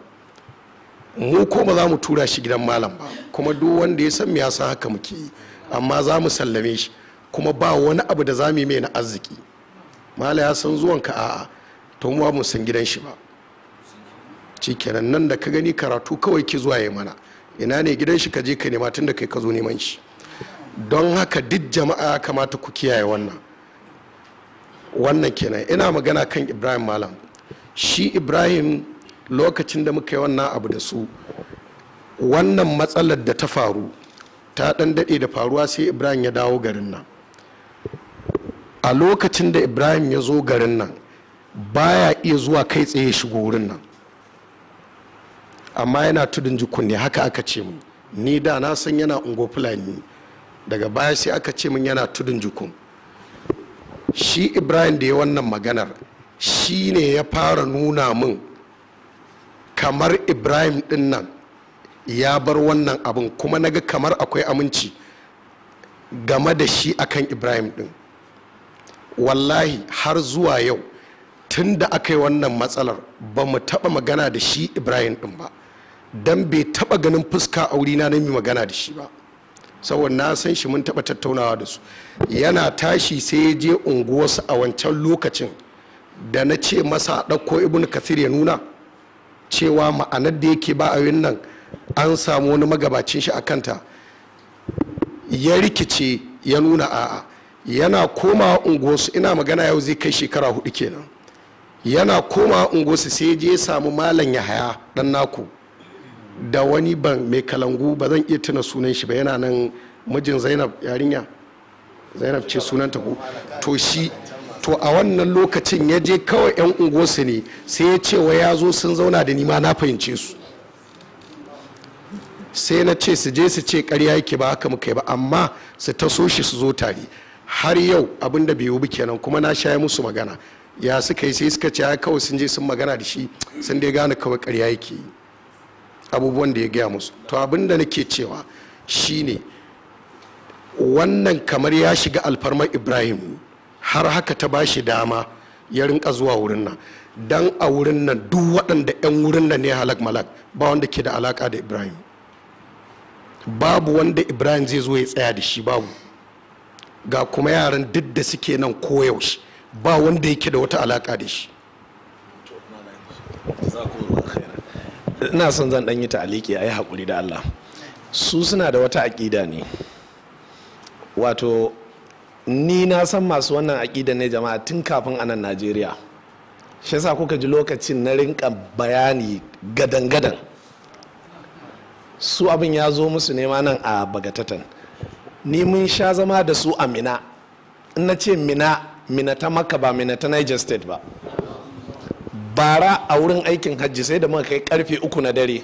mu ko ba za mu tura shi gidan malam ba kuma duk wanda ya san ya san haka muke yi amma za mu sallame shi kuma ba wani abu da za mu yi mai na arziki malam ya san zuwan ka a'a to mu ba mu san gidan shi ba cikenan nan da ka gani karatu kawai ke zuwa ya mana ina ne gidan shi ka je ka nema tun da kai ka zo neman shi don haka duk jama'a ya kamata ku kiyaye wannan wannan kenan ina magana kan ibrahim malam shi ibrahim lokacin da muka yi wannan abu da su wannan matsalar da ta faru ta dan daɗe da faruwa sai ibrahim ya dawo garin nan a lokacin da ibrahim ya zo garin nan baya iya zuwa kai tsaye shigo wurin nan amma yana tudun jikun haka aka ce mu ni da na san yana ungo fulani daga baya sai aka ce min yana tudun jukun shi ibrahim da ya wannan maganar shi ne ya fara nuna min kamar ibrahim din nan ya bar wannan abin kuma naga kamar akwai aminci game da shi akan ibrahim din wallahi har zuwa yau tun da aka yi wannan matsalar ba mu taɓa magana da shi ibrahim din ba don bai taɓa ganin fuska a wurina na mai magana da shi ba saboda na san shi mun taɓa tattaunawa da su yana tashi sai ya je unguwarsa a wancan lokacin da na ce masa ɗauko ibn kathir ya nuna cewa ma'anar da yake ba a nan an samu wani magabacin shi a kanta ya rikice ya nuna a'a yana koma unguwarsu ina magana yau zai kai shekara hudu kenan yana koma unguwarsu sai ya je samu malam yahaya ɗan naku da wani ban mai kalangu ba zan iya tuna sunan shi ba yana nan mijin zainab yarinya zainab ce sunanta ko to shi to a wannan lokacin ya je kawai 'yan unguwarsu ne sai ya ce wa ya zo sun zauna da nima na fahimce su sai na ce su je su ce karya yake ba haka muka yi ba amma su taso shi su zo tare har yau abin da bai yi kenan kuma na shaya musu magana ya suka yi sai suka ce ya kawai sun je sun magana da shi sun dai gane kawai karya yake yi abubuwan da ya gaya musu to abin da nake cewa shine wannan kamar ya shiga alfarmar ibrahim har haka ta ba shi dama ya rinka zuwa wurin nan dan a wurin nan duk waɗanda 'yan wurin nan ne halak malak ba wanda ke da alaka da ibrahim babu wanda ibrahim zai zo ya tsaya da shi babu ga kuma yaran duk da suke nan koyaushe ba wanda yake da wata alaka da shi ina son zan ɗan yi ta'aliki a yi haƙuri da Allah su suna da wata aƙida ne wato ni na san masu wannan aƙida ne jama'a tun kafin anan najeriya shi yasa kuka ji lokacin na rinka bayani gadan-gadan su abin ya zo musu nema nan a bagatatan ni mun sha zama da su a mina in na ce mina mina ta makka ba mina ta niger state ba bara a wurin aikin hajji sai da muka kai karfe uku na dare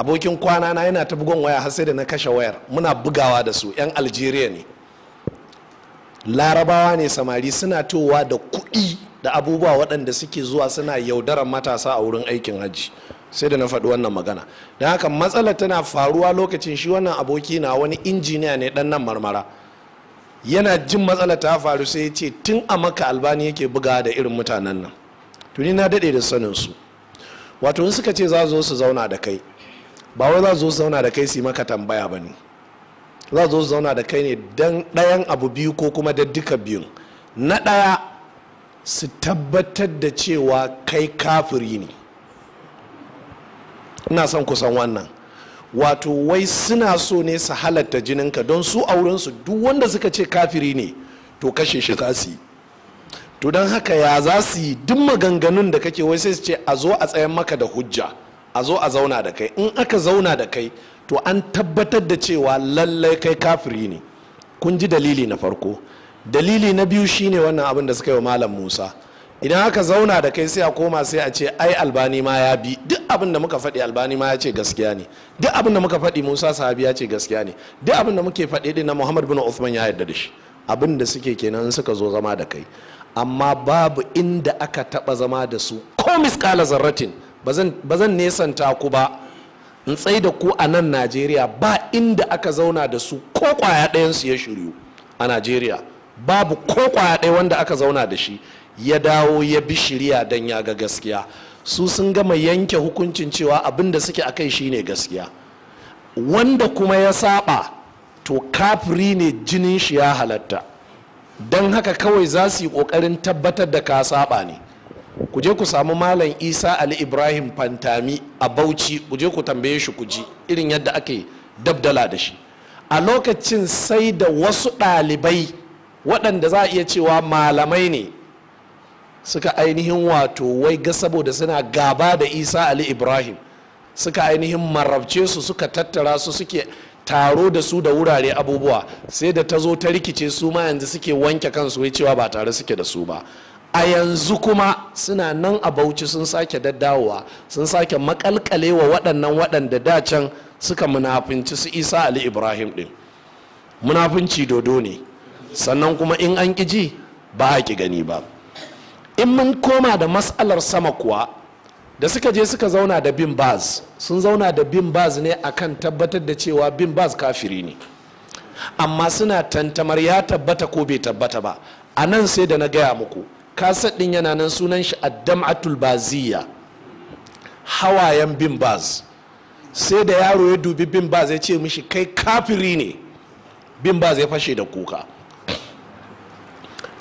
abokin kwana na yana ta bugon waya har sai da na kashe wayar muna bugawa da su yan algeria ne larabawa ne samari suna towa da kuɗi da abubuwa waɗanda suke zuwa suna yaudarar matasa a wurin aikin hajji sai da na faɗi wannan magana don haka matsala tana faruwa lokacin shi wannan aboki na wani injiniya ne ɗan nan marmara yana jin matsala ta faru sai ya ce tun a maka albani yake bugawa da irin mutanen nan tuni na daɗe da saninsu su wato in suka ce za zo su zauna da kai ba wai za zo su zauna da kai su yi maka tambaya ba ne za zo su zauna da kai ne don ɗayan abu biyu ko kuma da duka biyun na ɗaya su tabbatar da cewa kai kafiri ne ina son kusan wannan wato wai suna so ne su halatta jininka don su a wurinsu duk wanda suka ce kafiri ne to kashe shi za su yi to don haka ya za su yi duk maganganun da kake wai sai su ce a zo a tsayan maka da hujja a zo a zauna da kai in aka zauna da kai to an tabbatar da cewa lallai kai kafiri ne kun ji dalili na farko dalili na biyu shine wannan abin da suka yi wa malam musa idan aka zauna da kai sai a koma sai a ce ai albani ma ya bi duk abin da muka faɗi albani ma ya ce gaskiya ne duk abin da muka faɗi musa sahabi ya ce gaskiya ne duk abin da muke faɗi na muhammad bin usman ya yarda da shi abin da suke kenan suka zo zama da kai amma babu inda aka taɓa zama da su ko miskala zarratin ba zan nesanta ku ba in tsaye da ku a nan najeriya ba inda aka zauna da su ko kwaya ɗayansu ya shiryu a najeriya babu ko kwaya ɗaya wanda aka zauna da shi ya dawo ya bi shirya don ya ga gaskiya su sun gama yanke hukuncin cewa abin da suke akai shine gaskiya wanda kuma ya saba to kafiri ne jinin shi ya halatta don haka kawai za su yi ƙoƙarin tabbatar da ka saba ne ku je ku samu malam isa ali ibrahim fantami a bauchi ku je ku tambaye shi ku ji irin yadda ake dabdala da shi a lokacin sai da wasu ɗalibai waɗanda za a iya cewa malamai ne suka ainihin wato wai ga saboda suna gaba da isa ali ibrahim suka ainihin marabce su suka tattara su suke taro da su da wurare abubuwa sai da ta zo ta rikice su ma yanzu suke wanke kansu wai cewa ba tare suke da su ba a yanzu kuma suna nan a bauchi sun sake daddawowa sun sake makalkale waɗannan waɗanda da can suka munafinci su isa ali ibrahim ɗin munafinci dodo ne sannan kuma in an ƙi ji ba a ƙi gani ba in mun koma da matsalar sama kuwa da suka je suka zauna da bin baz sun zauna da bin baz ne akan tabbatar da cewa bin baz kafiri ne amma suna tantamar ya tabbata ko bai tabbata ba a nan sai da na gaya muku kasar ɗin yana nan sunan shi addam baziya hawayen bin baz sai da yaro ya dubi bin baz ya ce mishi kai kafiri ne bin baz ya fashe da kuka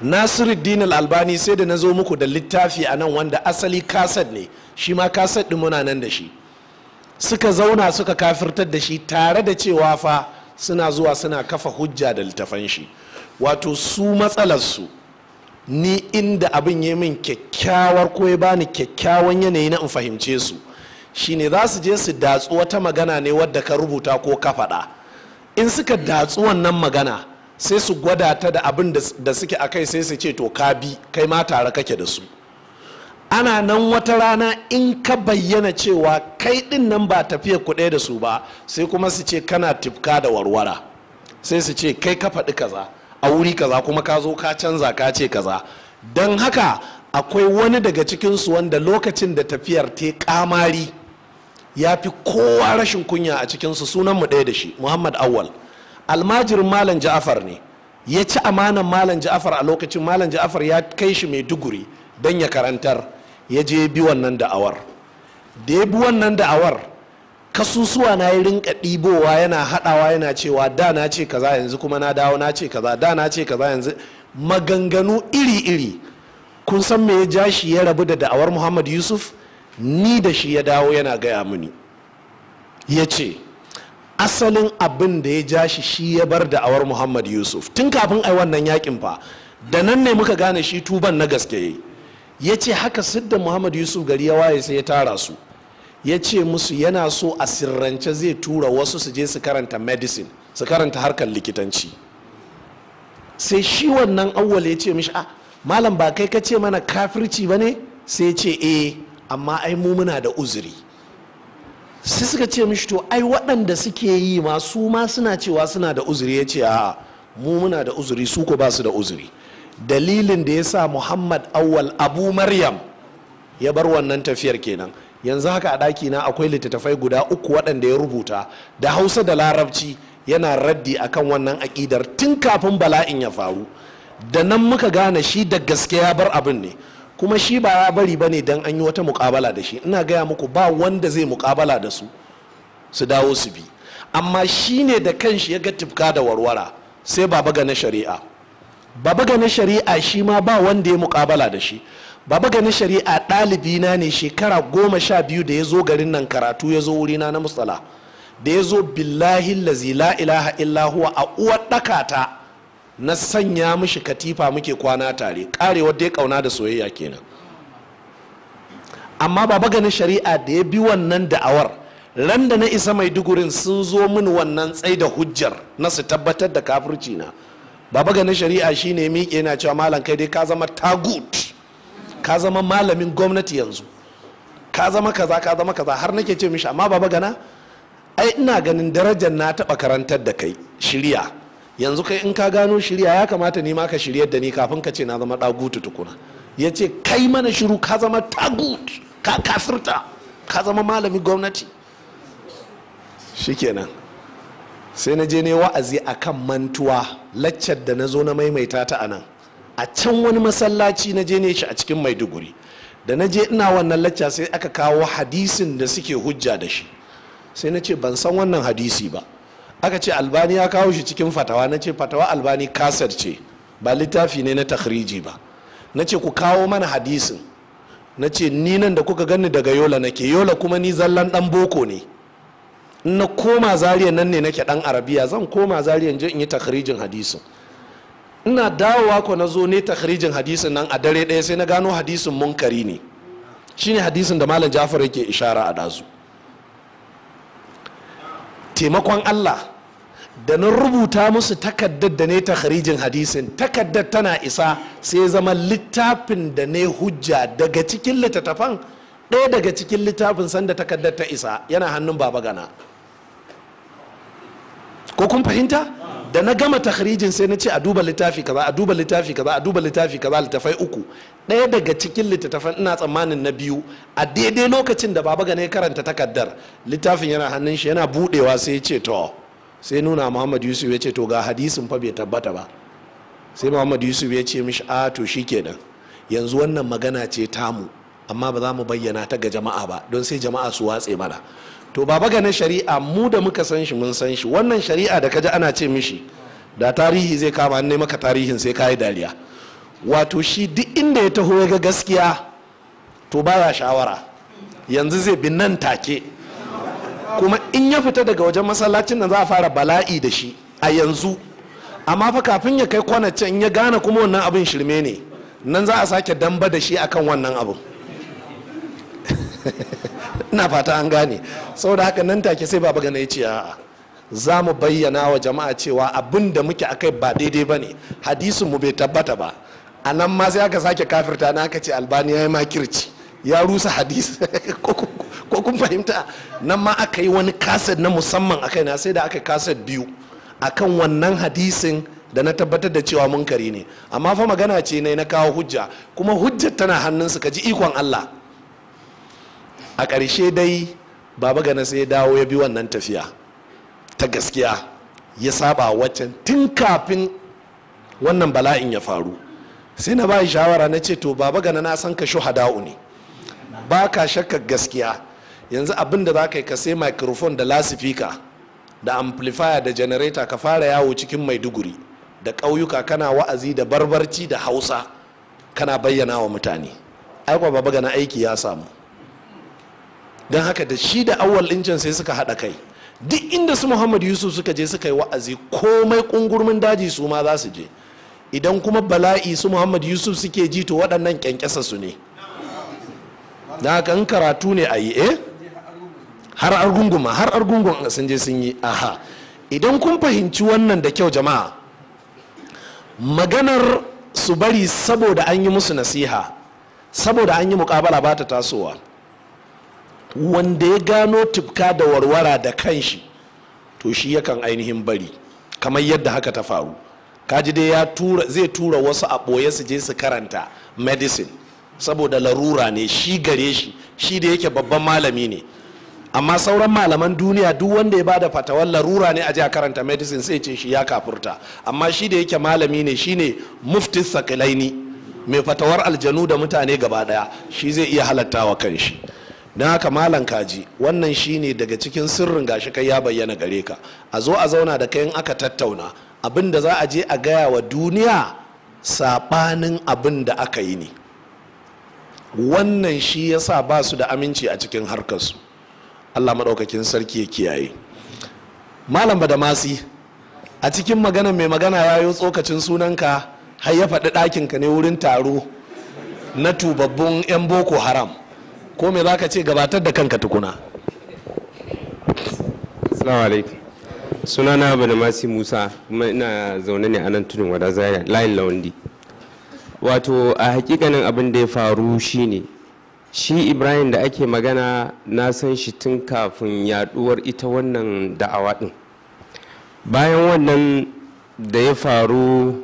nasiruddin albani sai da na zo muku da littafi a nan wanda asali kasad ne shi ma kasad ɗin muna nan da shi suka zauna suka kafirtar da shi tare da cewa fa suna zuwa suna kafa hujja da littafan shi wato su matsalarsu ni inda abin ya min kyakkyawar ko ya bani kyakkyawan yanayi na in fahimce su shine za su je su datsu wata magana ne wadda ka rubuta ko ka faɗa in suka datsu wannan magana sai su gwada ta da abin da suke a kai sai su ce to ka bi kai ma tare kake da su ana nan wata rana in ka bayyana cewa kai din nan ba tafiya kuɗe da su ba sai kuma su ce kana tifka da warwara sai su ce kai ka faɗi kaza a wuri kaza kuma ka zo ka canza ka ce kaza don haka akwai wani daga cikinsu wanda lokacin da tafiyar ta kamari ya fi kowa rashin kunya a cikinsu sunanmu ɗaya da shi muhammad awal almajirin malam ja'afar ne ya ci amanan malam ja'afar a lokacin malam ja'afar ya kai shi mai duguri don ya karantar ya je bi wannan da'awar da ya bi wannan da'awar kasusuwa na ya rinka ɗibowa yana haɗawa yana cewa da na ce kaza yanzu kuma na dawo na ce kaza da na ce kaza yanzu maganganu iri-iri kun san me ya ja shi ya rabu da da'awar muhammad yusuf ni da shi ya dawo yana gaya mini ya ce asalin abin da ya ja shi shi ya bar da awar muhammad yusuf tun kafin ai wannan yakin fa da nan ne muka gane shi tuban na gaske ya ce haka sidda muhammad yusuf gari ya waye sai ya tara su ya ce musu yana so a sirrance zai tura wasu su je su karanta medicine su karanta harkar likitanci sai shi wannan awwal ya ce mishi a ah, malam ba kai ka ce mana kafirci ba ne sai ce e amma ai mu muna da uzuri sai suka ce mishi to ai waɗanda suke yi ma su ma suna cewa suna da uzuri ya ce a'a mu muna da uzuri su ko ba su da uzuri dalilin da ya sa muhammad awwal abu maryam ya bar wannan tafiyar kenan yanzu haka a ɗaki na akwai littattafai guda uku waɗanda ya rubuta da hausa da larabci yana raddi akan wannan aƙidar tun kafin bala'in ya faru da nan muka gane shi da gaske ya bar abin ne kuma shi ba ya bari ba ne don an yi wata mukabala da shi ina gaya muku ba wanda zai mukabala da su su dawo su bi amma shi ne da kanshi ya ga tifka da warwara sai baba ga na shari'a baba ga na shari'a shi ma ba wanda ya mukabala da shi baba ga na shari'a ɗalibi na ne shekara goma sha biyu da ya zo garin nan karatu ya zo wurina na musala da ya zo billahi lazi la ilaha illa a uwar ɗakata na sanya mishi katifa muke kwana tare karewa dai kauna da soyayya kenan amma baba ganin shari'a da ya bi wannan da'awar ran da na isa mai maidugurin sun zo min wannan tsai da hujjar na su tabbatar da kafirci na baba ganin shari'a shine ya miƙe yana cewa malam kai dai ka zama tagut ka zama malamin gwamnati yanzu ka zama kaza ka zama kaza har nake ce mishi amma baba gana ai ina ganin darajar na taɓa karantar da kai shirya yanzu kai in ka gano shirya ya kamata ni ma ka shiryar da ni kafin ka ce na zama dagutu tukuna ya ce kai mana shiru ka zama tagut ka kafirta ka zama malami gwamnati shikenan sai na je ne wa'azi kan mantuwa laccar da na zo na maimaita ta a nan a can wani masallaci na je ne shi a cikin maiduguri da na je ina wannan lacca sai aka kawo hadisin da suke hujja da shi sai na ce ban san wannan hadisi ba aka ce albani ya kawo shi cikin fatawa na ce fatawa albani kasar ce ba littafi ne na takhriji ba na ce ku kawo mana hadisin na ce ni nan da kuka gani daga yola nake yola kuma ni zallan dan boko ne na koma zariya nan ne nake dan arabiya zan koma zariya je in yi takhrijin hadisin ina dawowa ko na zo ne takhrijin hadisin nan a dare ɗaya sai na gano hadisin munkari ne shine hadisin da malam jafar yake ishara a dazu taimakon Allah da na rubuta musu takaddar da ne takharijin hadisin takaddar tana isa sai zama littafin da ne hujja daga cikin littattafan ɗaya daga cikin littafin sanda takaddar ta isa yana hannun baba gana ko kun fahimta da na gama takhrijin sai na ce a duba littafi kaza a duba littafi kaza a duba littafi kaza littafai uku ɗaya daga cikin littattafan ina tsammanin na biyu a daidai lokacin da baba gane karanta takardar littafin yana hannun shi yana budewa sai ya ce to sai nuna muhammad yusuf ya ce to ga hadisin fa bai tabbata ba sai muhammad yusuf ya ce mishi a to shi shikenan yanzu wannan magana ce tamu amma ba za mu bayyana ta ga jama'a ba don sai jama'a su watse mana to baba ganin shari'a mu da muka san shi mun san shi wannan shari'a da kaji ana ce mishi da tarihi zai kama ne maka tarihin sai kayi dariya wato shi duk inda ya taho ya ga gaskiya to baya shawara yanzu zai bi nan take kuma in ya fita daga wajen masallacin nan za a fara bala'i da shi a yanzu amma fa kafin ya kai kwanacin ya gane kuma wannan abin shirme ne nan za a sake damba da shi akan wannan abin ina fata an gane saboda haka nan take sai baba gana ya ce a'a za mu bayyana wa jama'a cewa abin da muke akai ba daidai ba ne hadisin mu bai tabbata ba a nan ma sai aka sake kafirta na aka ce albaniya ya yi makirci ya rusa hadis (laughs) ko kun fahimta nan ma aka yi wani kaset na musamman akai na sai da aka kaset biyu akan wannan hadisin da na tabbatar da cewa munkari ne amma fa magana ce ne na kawo hujja kuma hujjar tana hannunsu ka ji ikon Allah a ƙarshe dai baba gana sai ya dawo ya bi wannan tafiya ta gaskiya ya saba waccan tun kafin wannan bala'in ya faru sai na ba shawara na ce to baba gana na san ka shuhada'u ne ba ka shakka gaskiya yanzu abin da za ka yi ka sai microphone da lasifika da amplifier da generator ka fara yawo cikin maiduguri da ƙauyuka kana wa'azi da barbarci da hausa kana bayyana wa mutane ai baba gana aiki ya samu don haka da shi da awal injin sai suka haɗa kai duk inda su muhammad yusuf suka je suka yi wa'azi komai kungurmin daji su ma za su je idan kuma bala'i su muhammad yusuf suke ji to waɗannan kyankyasa su ne da haka in karatu ne a yi eh har argungun har argungun sun je sun yi aha idan kun fahimci wannan da kyau jama'a maganar su bari saboda an yi musu nasiha saboda an yi mukabala ba ta tasowa wanda ya gano tufka da warwara da kanshi to shi yakan ainihin bari kamar yadda haka ta faru kaji dai ya tura zai tura wasu a ɓoye su je su karanta medicine saboda larura ne shi gare shi shi da yake babban malami ne amma sauran malaman duniya duk wanda ya bada fatawar larura ne a a karanta medicine sai ce shi ya kafurta amma shi da yake malami ne shine mufti sakilaini mai fatawar aljanu da mutane gaba daya shi zai iya halatta wa kanshi don haka malam kaji wannan shine daga cikin sirrin gashi kai ya bayyana gare ka a zo a zauna da kayan aka tattauna abin da za a je a gaya wa duniya saɓanin abin da aka yi ne wannan shi ya sa ba su da aminci a cikin harkarsu allah maɗaukakin sarki ya kiyaye malam badamasi a cikin magana mai magana ya yi tsokacin sunanka har ya faɗi ɗakinka ne wurin taro na tubabbun 'yan boko haram ko me za ce gabatar da kanka tukuna assalamu alaikum sunana badamasi musa kuma ina zaune ne a nan tudun wada zaya layin laundi wato a hakikanin abin da ya faru shi ne, shi ibrahim da ake magana na san shi tun kafin yaduwar ita wannan da'awa din bayan wannan da ya faru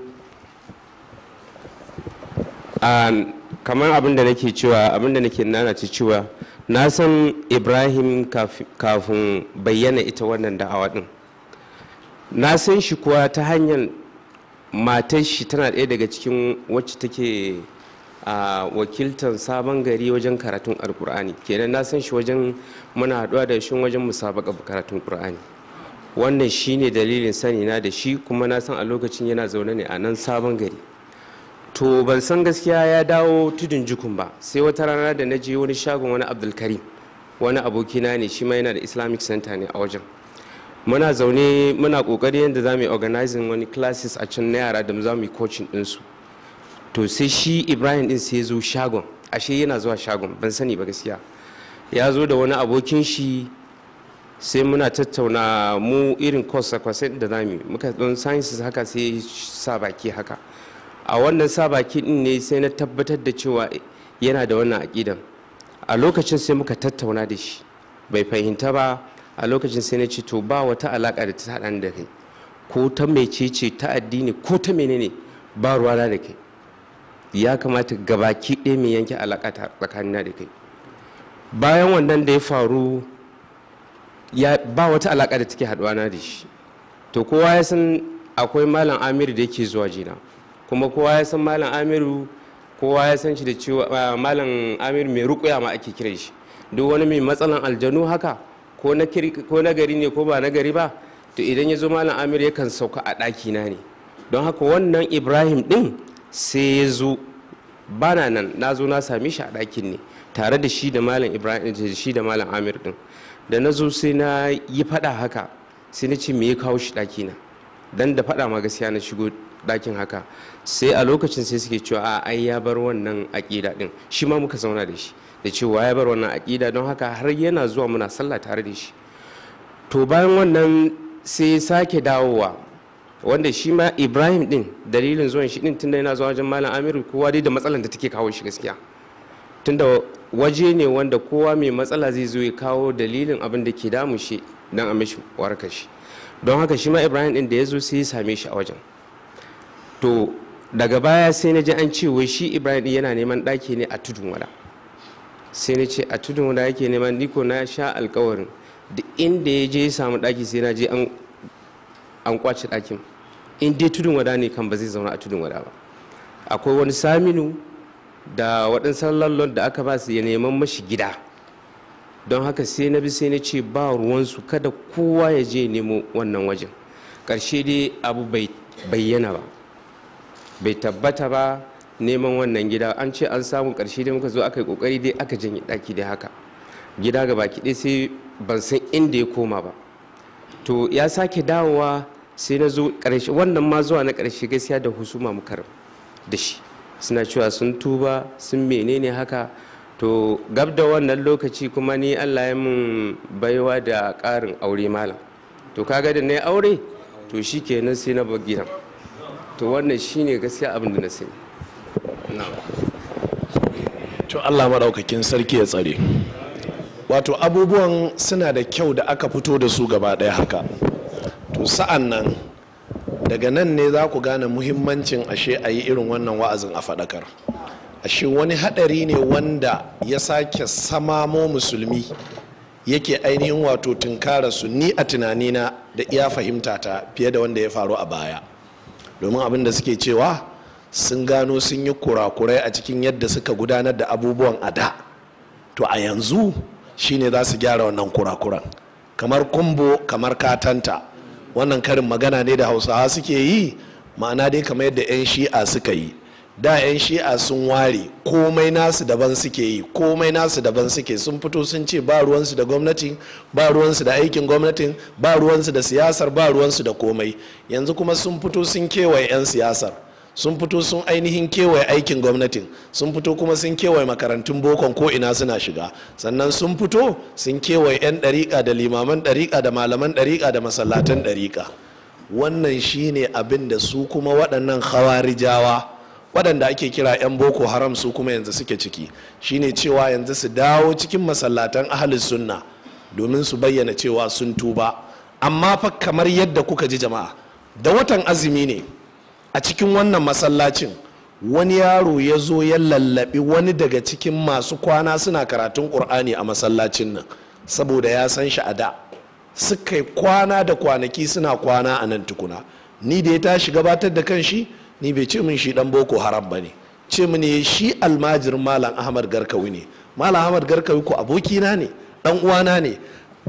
a kamar abin da nake cewa abin da nake nana cewa na san ibrahim kafin bayyana ita wannan da'awa din na san shi kuwa ta hanyar matar shi tana ɗaya daga cikin wacce take a wakiltar sabon gari wajen karatun alkur'ani kenan na san shi wajen muna haɗuwa da shi wajen musabaka karatun kur'ani wannan shine dalilin sani na da shi kuma na san a lokacin yana zaune ne a nan sabon gari to ban san gaskiya ya dawo tudun jukun ba sai wata rana da na je wani shagon wani abdulkarim wani abokina ne shi ma yana da islamic center ne a wajen muna zaune muna kokari yadda za mu yi organizing wani classes a can na yara da za mu yi coaching ɗinsu to sai shi ibrahim din sai ya zo shagon ashe yana zuwa shagon ban sani ba gaskiya ya zo da wani abokin shi sai muna tattauna mu irin course kwasai da za yi muka don sciences haka sai sa baki haka a wannan sabaki din ne sai na tabbatar da cewa yana da wannan aƙidan a lokacin sai muka tattauna da shi bai fahimta ba a lokacin sai na ce to ba wata alaƙa da ta haɗa da kai ko ta mecece ta addini ko ta menene ba ruwana da kai ya kamata gabaki ɗaya mai yanke alaƙa tsakanina da kai bayan wannan da ya faru ya ba wata alaƙa da take haɗuwa na da shi to kowa ya san akwai malam amir da yake zuwa jina kuma kowa ya san malam amiru kowa ya san shi da cewa ah, malam amiru mai rukuya ma ake kiran shi duk wani mai matsalan aljanu haka ko na gari ne ko ba na gari ba to idan ya zo malam amiru yakan sauka a ɗaki na ne don haka wannan ibrahim ɗin sai ya zo bana nan na zo na same shi a ɗakin ne tare da shi da malam ibrahim da shi da malam amir ɗin da na zo sai na yi faɗa haka sai na ce me ya kawo shi ɗakina don da faɗa ma gaskiya na shigo Dakin haka sai a lokacin sai suke cewa a ai ya bar wannan aƙida din shi ma muka zauna da shi da cewa ya bar wannan aƙida don haka har yana zuwa muna sallah tare da shi to bayan wannan sai sake dawowa wanda shi ma ibrahim ɗin dalilin zuwan shi din tunda yana zuwa wajen malam amiru kowa dai da matsalar da take kawo shi gaskiya tunda waje ne wanda kowa mai matsala zai zo ya kawo dalilin abin da ke damu shi don a mishi warkar shi don haka shi ma ibrahim ɗin da ya zo sai ya same shi a wajen to daga baya sai na ji an ce wai shi ibrahim yana neman ɗaki ne a tudun wada sai na ce a tudun wada yake neman niko na sha alkawarin da inda ya je ya samu ɗaki sai na je an kwace ɗakin in dai tudun wada ne kan ba zai zauna a tudun wada ba akwai wani saminu da waɗansu lallon da aka ba su ya neman mashi gida don haka sai na bi sai na ce ba ruwansu kada kowa ya je nemo wannan wajen ƙarshe dai abu bai bayyana ba bai tabbata ba neman wannan gida an ce an samu karshe da muka zo aka yi kokari dai aka janye daki dai haka gida ga baki dai sai ban san inda ya koma ba to ya sake dawowa sai na zo karshe wannan ma zuwa na karshe gaskiya da husuma mukaram da shi suna cewa sun tuba sun menene haka to gab da wannan lokaci kuma ni allah ya mun baiwa da karin aure malam to kaga da na aure to shi kenan sai na bar gidan to wannan shine gaskiya abin da na sani to Allah maɗaukakin sarki ya tsare wato abubuwan suna da kyau da aka fito da su gaba ɗaya haka to sa'an nan daga nan ne za ku gane muhimmancin ashe a yi irin wannan wa'azin a faɗakar ashe wani haɗari ne wanda ya sake samamo musulmi yake ainihin wato tunkara su ni a tunanina da iya fahimta ta fiye da wanda ya faru a baya domin abin da suke cewa sun gano sun yi kurakurai a cikin yadda suka gudanar da abubuwan a da to a yanzu shine za su gyara wannan kurakuran kamar kumbo kamar katanta wannan karin magana ne da hausawa suke yi ma'ana dai kamar yadda 'yan shi'a suka yi da 'yan shi'a sun ware komai nasu daban suke yi komai nasu daban suke sun fito sun ce ba ruwansu da gwamnati ba ruwansu da aikin gwamnatin ba ruwansu da siyasar ba ruwansu da komai yanzu kuma sun fito sun kewaye 'yan siyasar sun fito sun ainihin kewaye aikin gwamnatin sun fito kuma sun kewaye makarantun bokon ko ina suna shiga sannan sun fito sun kewaye 'yan ɗariƙa da limaman ɗariƙa da malaman ɗariƙa da masallatan ɗariƙa wannan shine abin da su kuma waɗannan hawarijawa waɗanda ake kira 'yan boko haram su kuma yanzu suke ciki shine cewa yanzu su dawo cikin masallatan ahalin sunna domin su bayyana cewa sun tuba amma fa kamar yadda kuka ji jama'a da watan azumi ne a cikin wannan masallacin wani yaro ya zo ya lallabi wani daga cikin masu kwana suna karatun ƙur'ani a masallacin nan saboda ya san shi a da suka kwana da kwanaki suna kwana a nan tukuna ni da ya tashi gabatar da kan shi ni bai ce min shi dan boko haram ba ne ce mini shi almajirin malam ahmad garkawi ne malam ahmad garkawi ko na ne dan uwana ne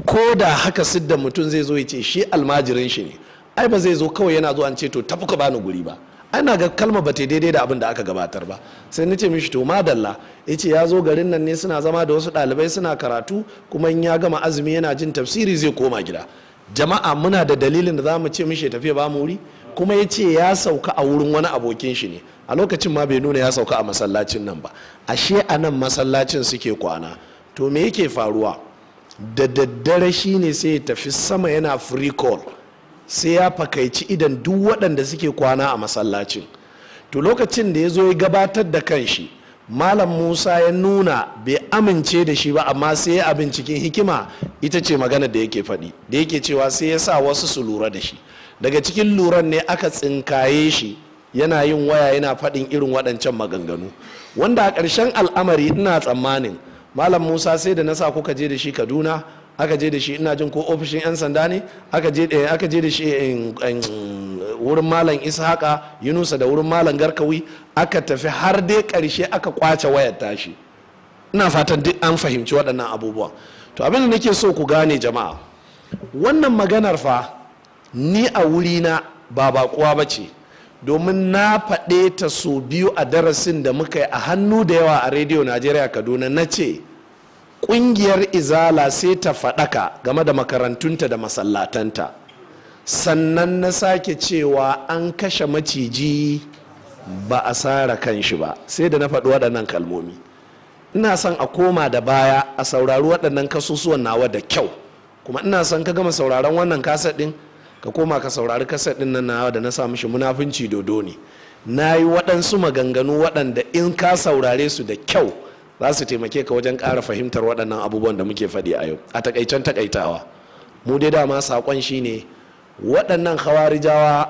ko da haka sidda mutum zai zo ya ce shi almajirin shi ne ai ba zai zo kawai yana zo an ce to tafi ka bani guri ba ana ga kalma ba ta daidai da abin da aka gabatar ba sai ni ce mishi to madalla ya ce ya zo garin nan ne suna zama da wasu ɗalibai suna karatu kuma in ya gama azumi yana jin tafsiri zai koma gida jama'a muna da dalilin da za mu ce mishi tafiya ba mu wuri kuma ya ce ya sauka a wurin wani abokin shi ne a lokacin ma bai nuna ya sauka a masallacin nan ba ashe a nan masallacin suke kwana to me yake faruwa da daddare shi ne sai ya tafi sama yana free call sai ya fakaici idan duk waɗanda suke kwana a masallacin to lokacin da ya zo ya gabatar da kanshi malam musa ya nuna bai amince da shi ba amma sai ya abin cikin hikima ita ce magana da yake faɗi da yake cewa sai ya sa wasu su lura da shi daga cikin luran ne aka tsinkaye shi yana yin waya yana faɗin irin waɗancan maganganu wanda a ƙarshen al'amari ina tsammanin malam musa sai da na sa kuka je da shi kaduna aka je da shi ina jin ko ofishin 'yan sanda ne aka je eh, da shi eh, wurin malam ishaka yunusa da wurin malam garkawi aka tafi har dai karshe aka kwace wayar tashi ina fatan duk an fahimci waɗannan abubuwa to abin da nake so ku gane jama'a wannan maganar fa ni a wurina ba bakuwa ba ce domin na faɗe ta so biyu a darasin da muka yi a hannu da yawa a rediyo najeriya kaduna na ce ƙungiyar izala sai ta faɗaka game da makarantunta da masallatanta sannan na sake cewa an kashe maciji ba a sara kan shi ba sai da na faɗi waɗannan kalmomi ina son a koma da baya a saurari waɗannan kasusuwan nawa da kyau kuma ina son ka gama sauraron wannan kasa ɗin ka koma ka saurari kasar din nan nawa da na sa shi munafunci dodo ne na yi waɗansu maganganu waɗanda in ka saurare su da kyau za su taimake ka wajen ƙara fahimtar waɗannan abubuwan da muke faɗi a yau a takaicen takaitawa mu dai dama saƙon ne waɗannan hawarijawa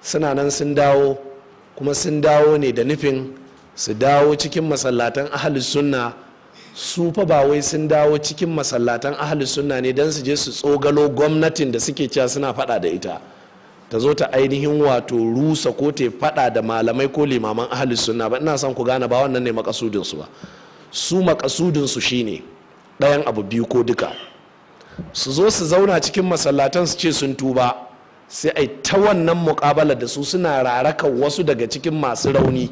suna nan sun dawo kuma sun dawo ne da nufin su dawo cikin masallatan ahalus sunna su fa ba wai sun dawo cikin masallatan ahli sunna ne don su je su tsogalo gwamnatin da suke cewa suna fada da ita ta zo ta ainihin wato rusa ko ta fada da malamai ko limaman ahli sunna ba ina son ku gane ba wannan ne makasudin ba su makasudin su shine ɗayan abu biyu ko duka su zo su zauna cikin masallatan su ce sun tuba sai ai ta wannan mukabala da su suna rarakan wasu daga cikin masu rauni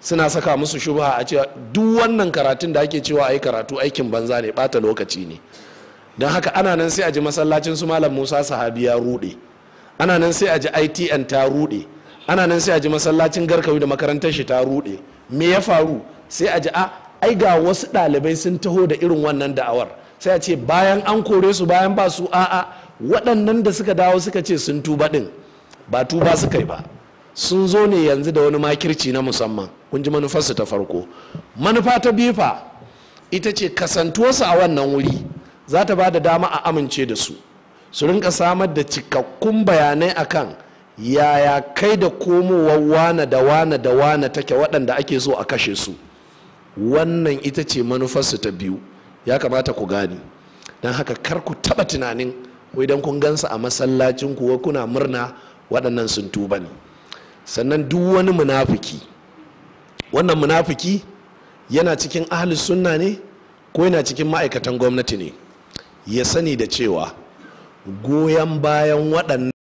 suna saka musu shubha a cewa duk wannan karatun da ake cewa ai karatu aikin banza ne bata lokaci ne don haka ana nan sai a ji masallacin su malam musa sahabi ya rude ana nan sai a ji itn ta rude ana nan sai a ji masallacin garkawi da makarantar shi ta rude me ya faru sai a ji a ah, ai ga wasu ɗalibai sun taho da irin wannan da'awar sai a ce bayan an kore su bayan ba su a'a waɗannan da suka dawo suka ce sun tuba ɗin ba tuba suka yi ba sun zo ne yanzu da wani makirci na musamman kun ji manufarsu ta farko manufa ta biyu fa ita ce kasantuwarsu a wannan wuri za ta ba da dama a amince da su su rinka samar da cikakkun bayanai akan yaya kai da komowa wane da wane da wane take waɗanda ake so a kashe su wannan ita ce manufarsu ta biyu ya kamata ku gane don haka kar ku taɓa tunanin wai don kun gansa a masallacin ku kuna murna waɗannan sun tuba ne sannan duk wani munafiki wannan munafiki yana cikin ahli sunna ne ko yana cikin ma'aikatan gwamnati ne ya sani da cewa goyon bayan waɗannan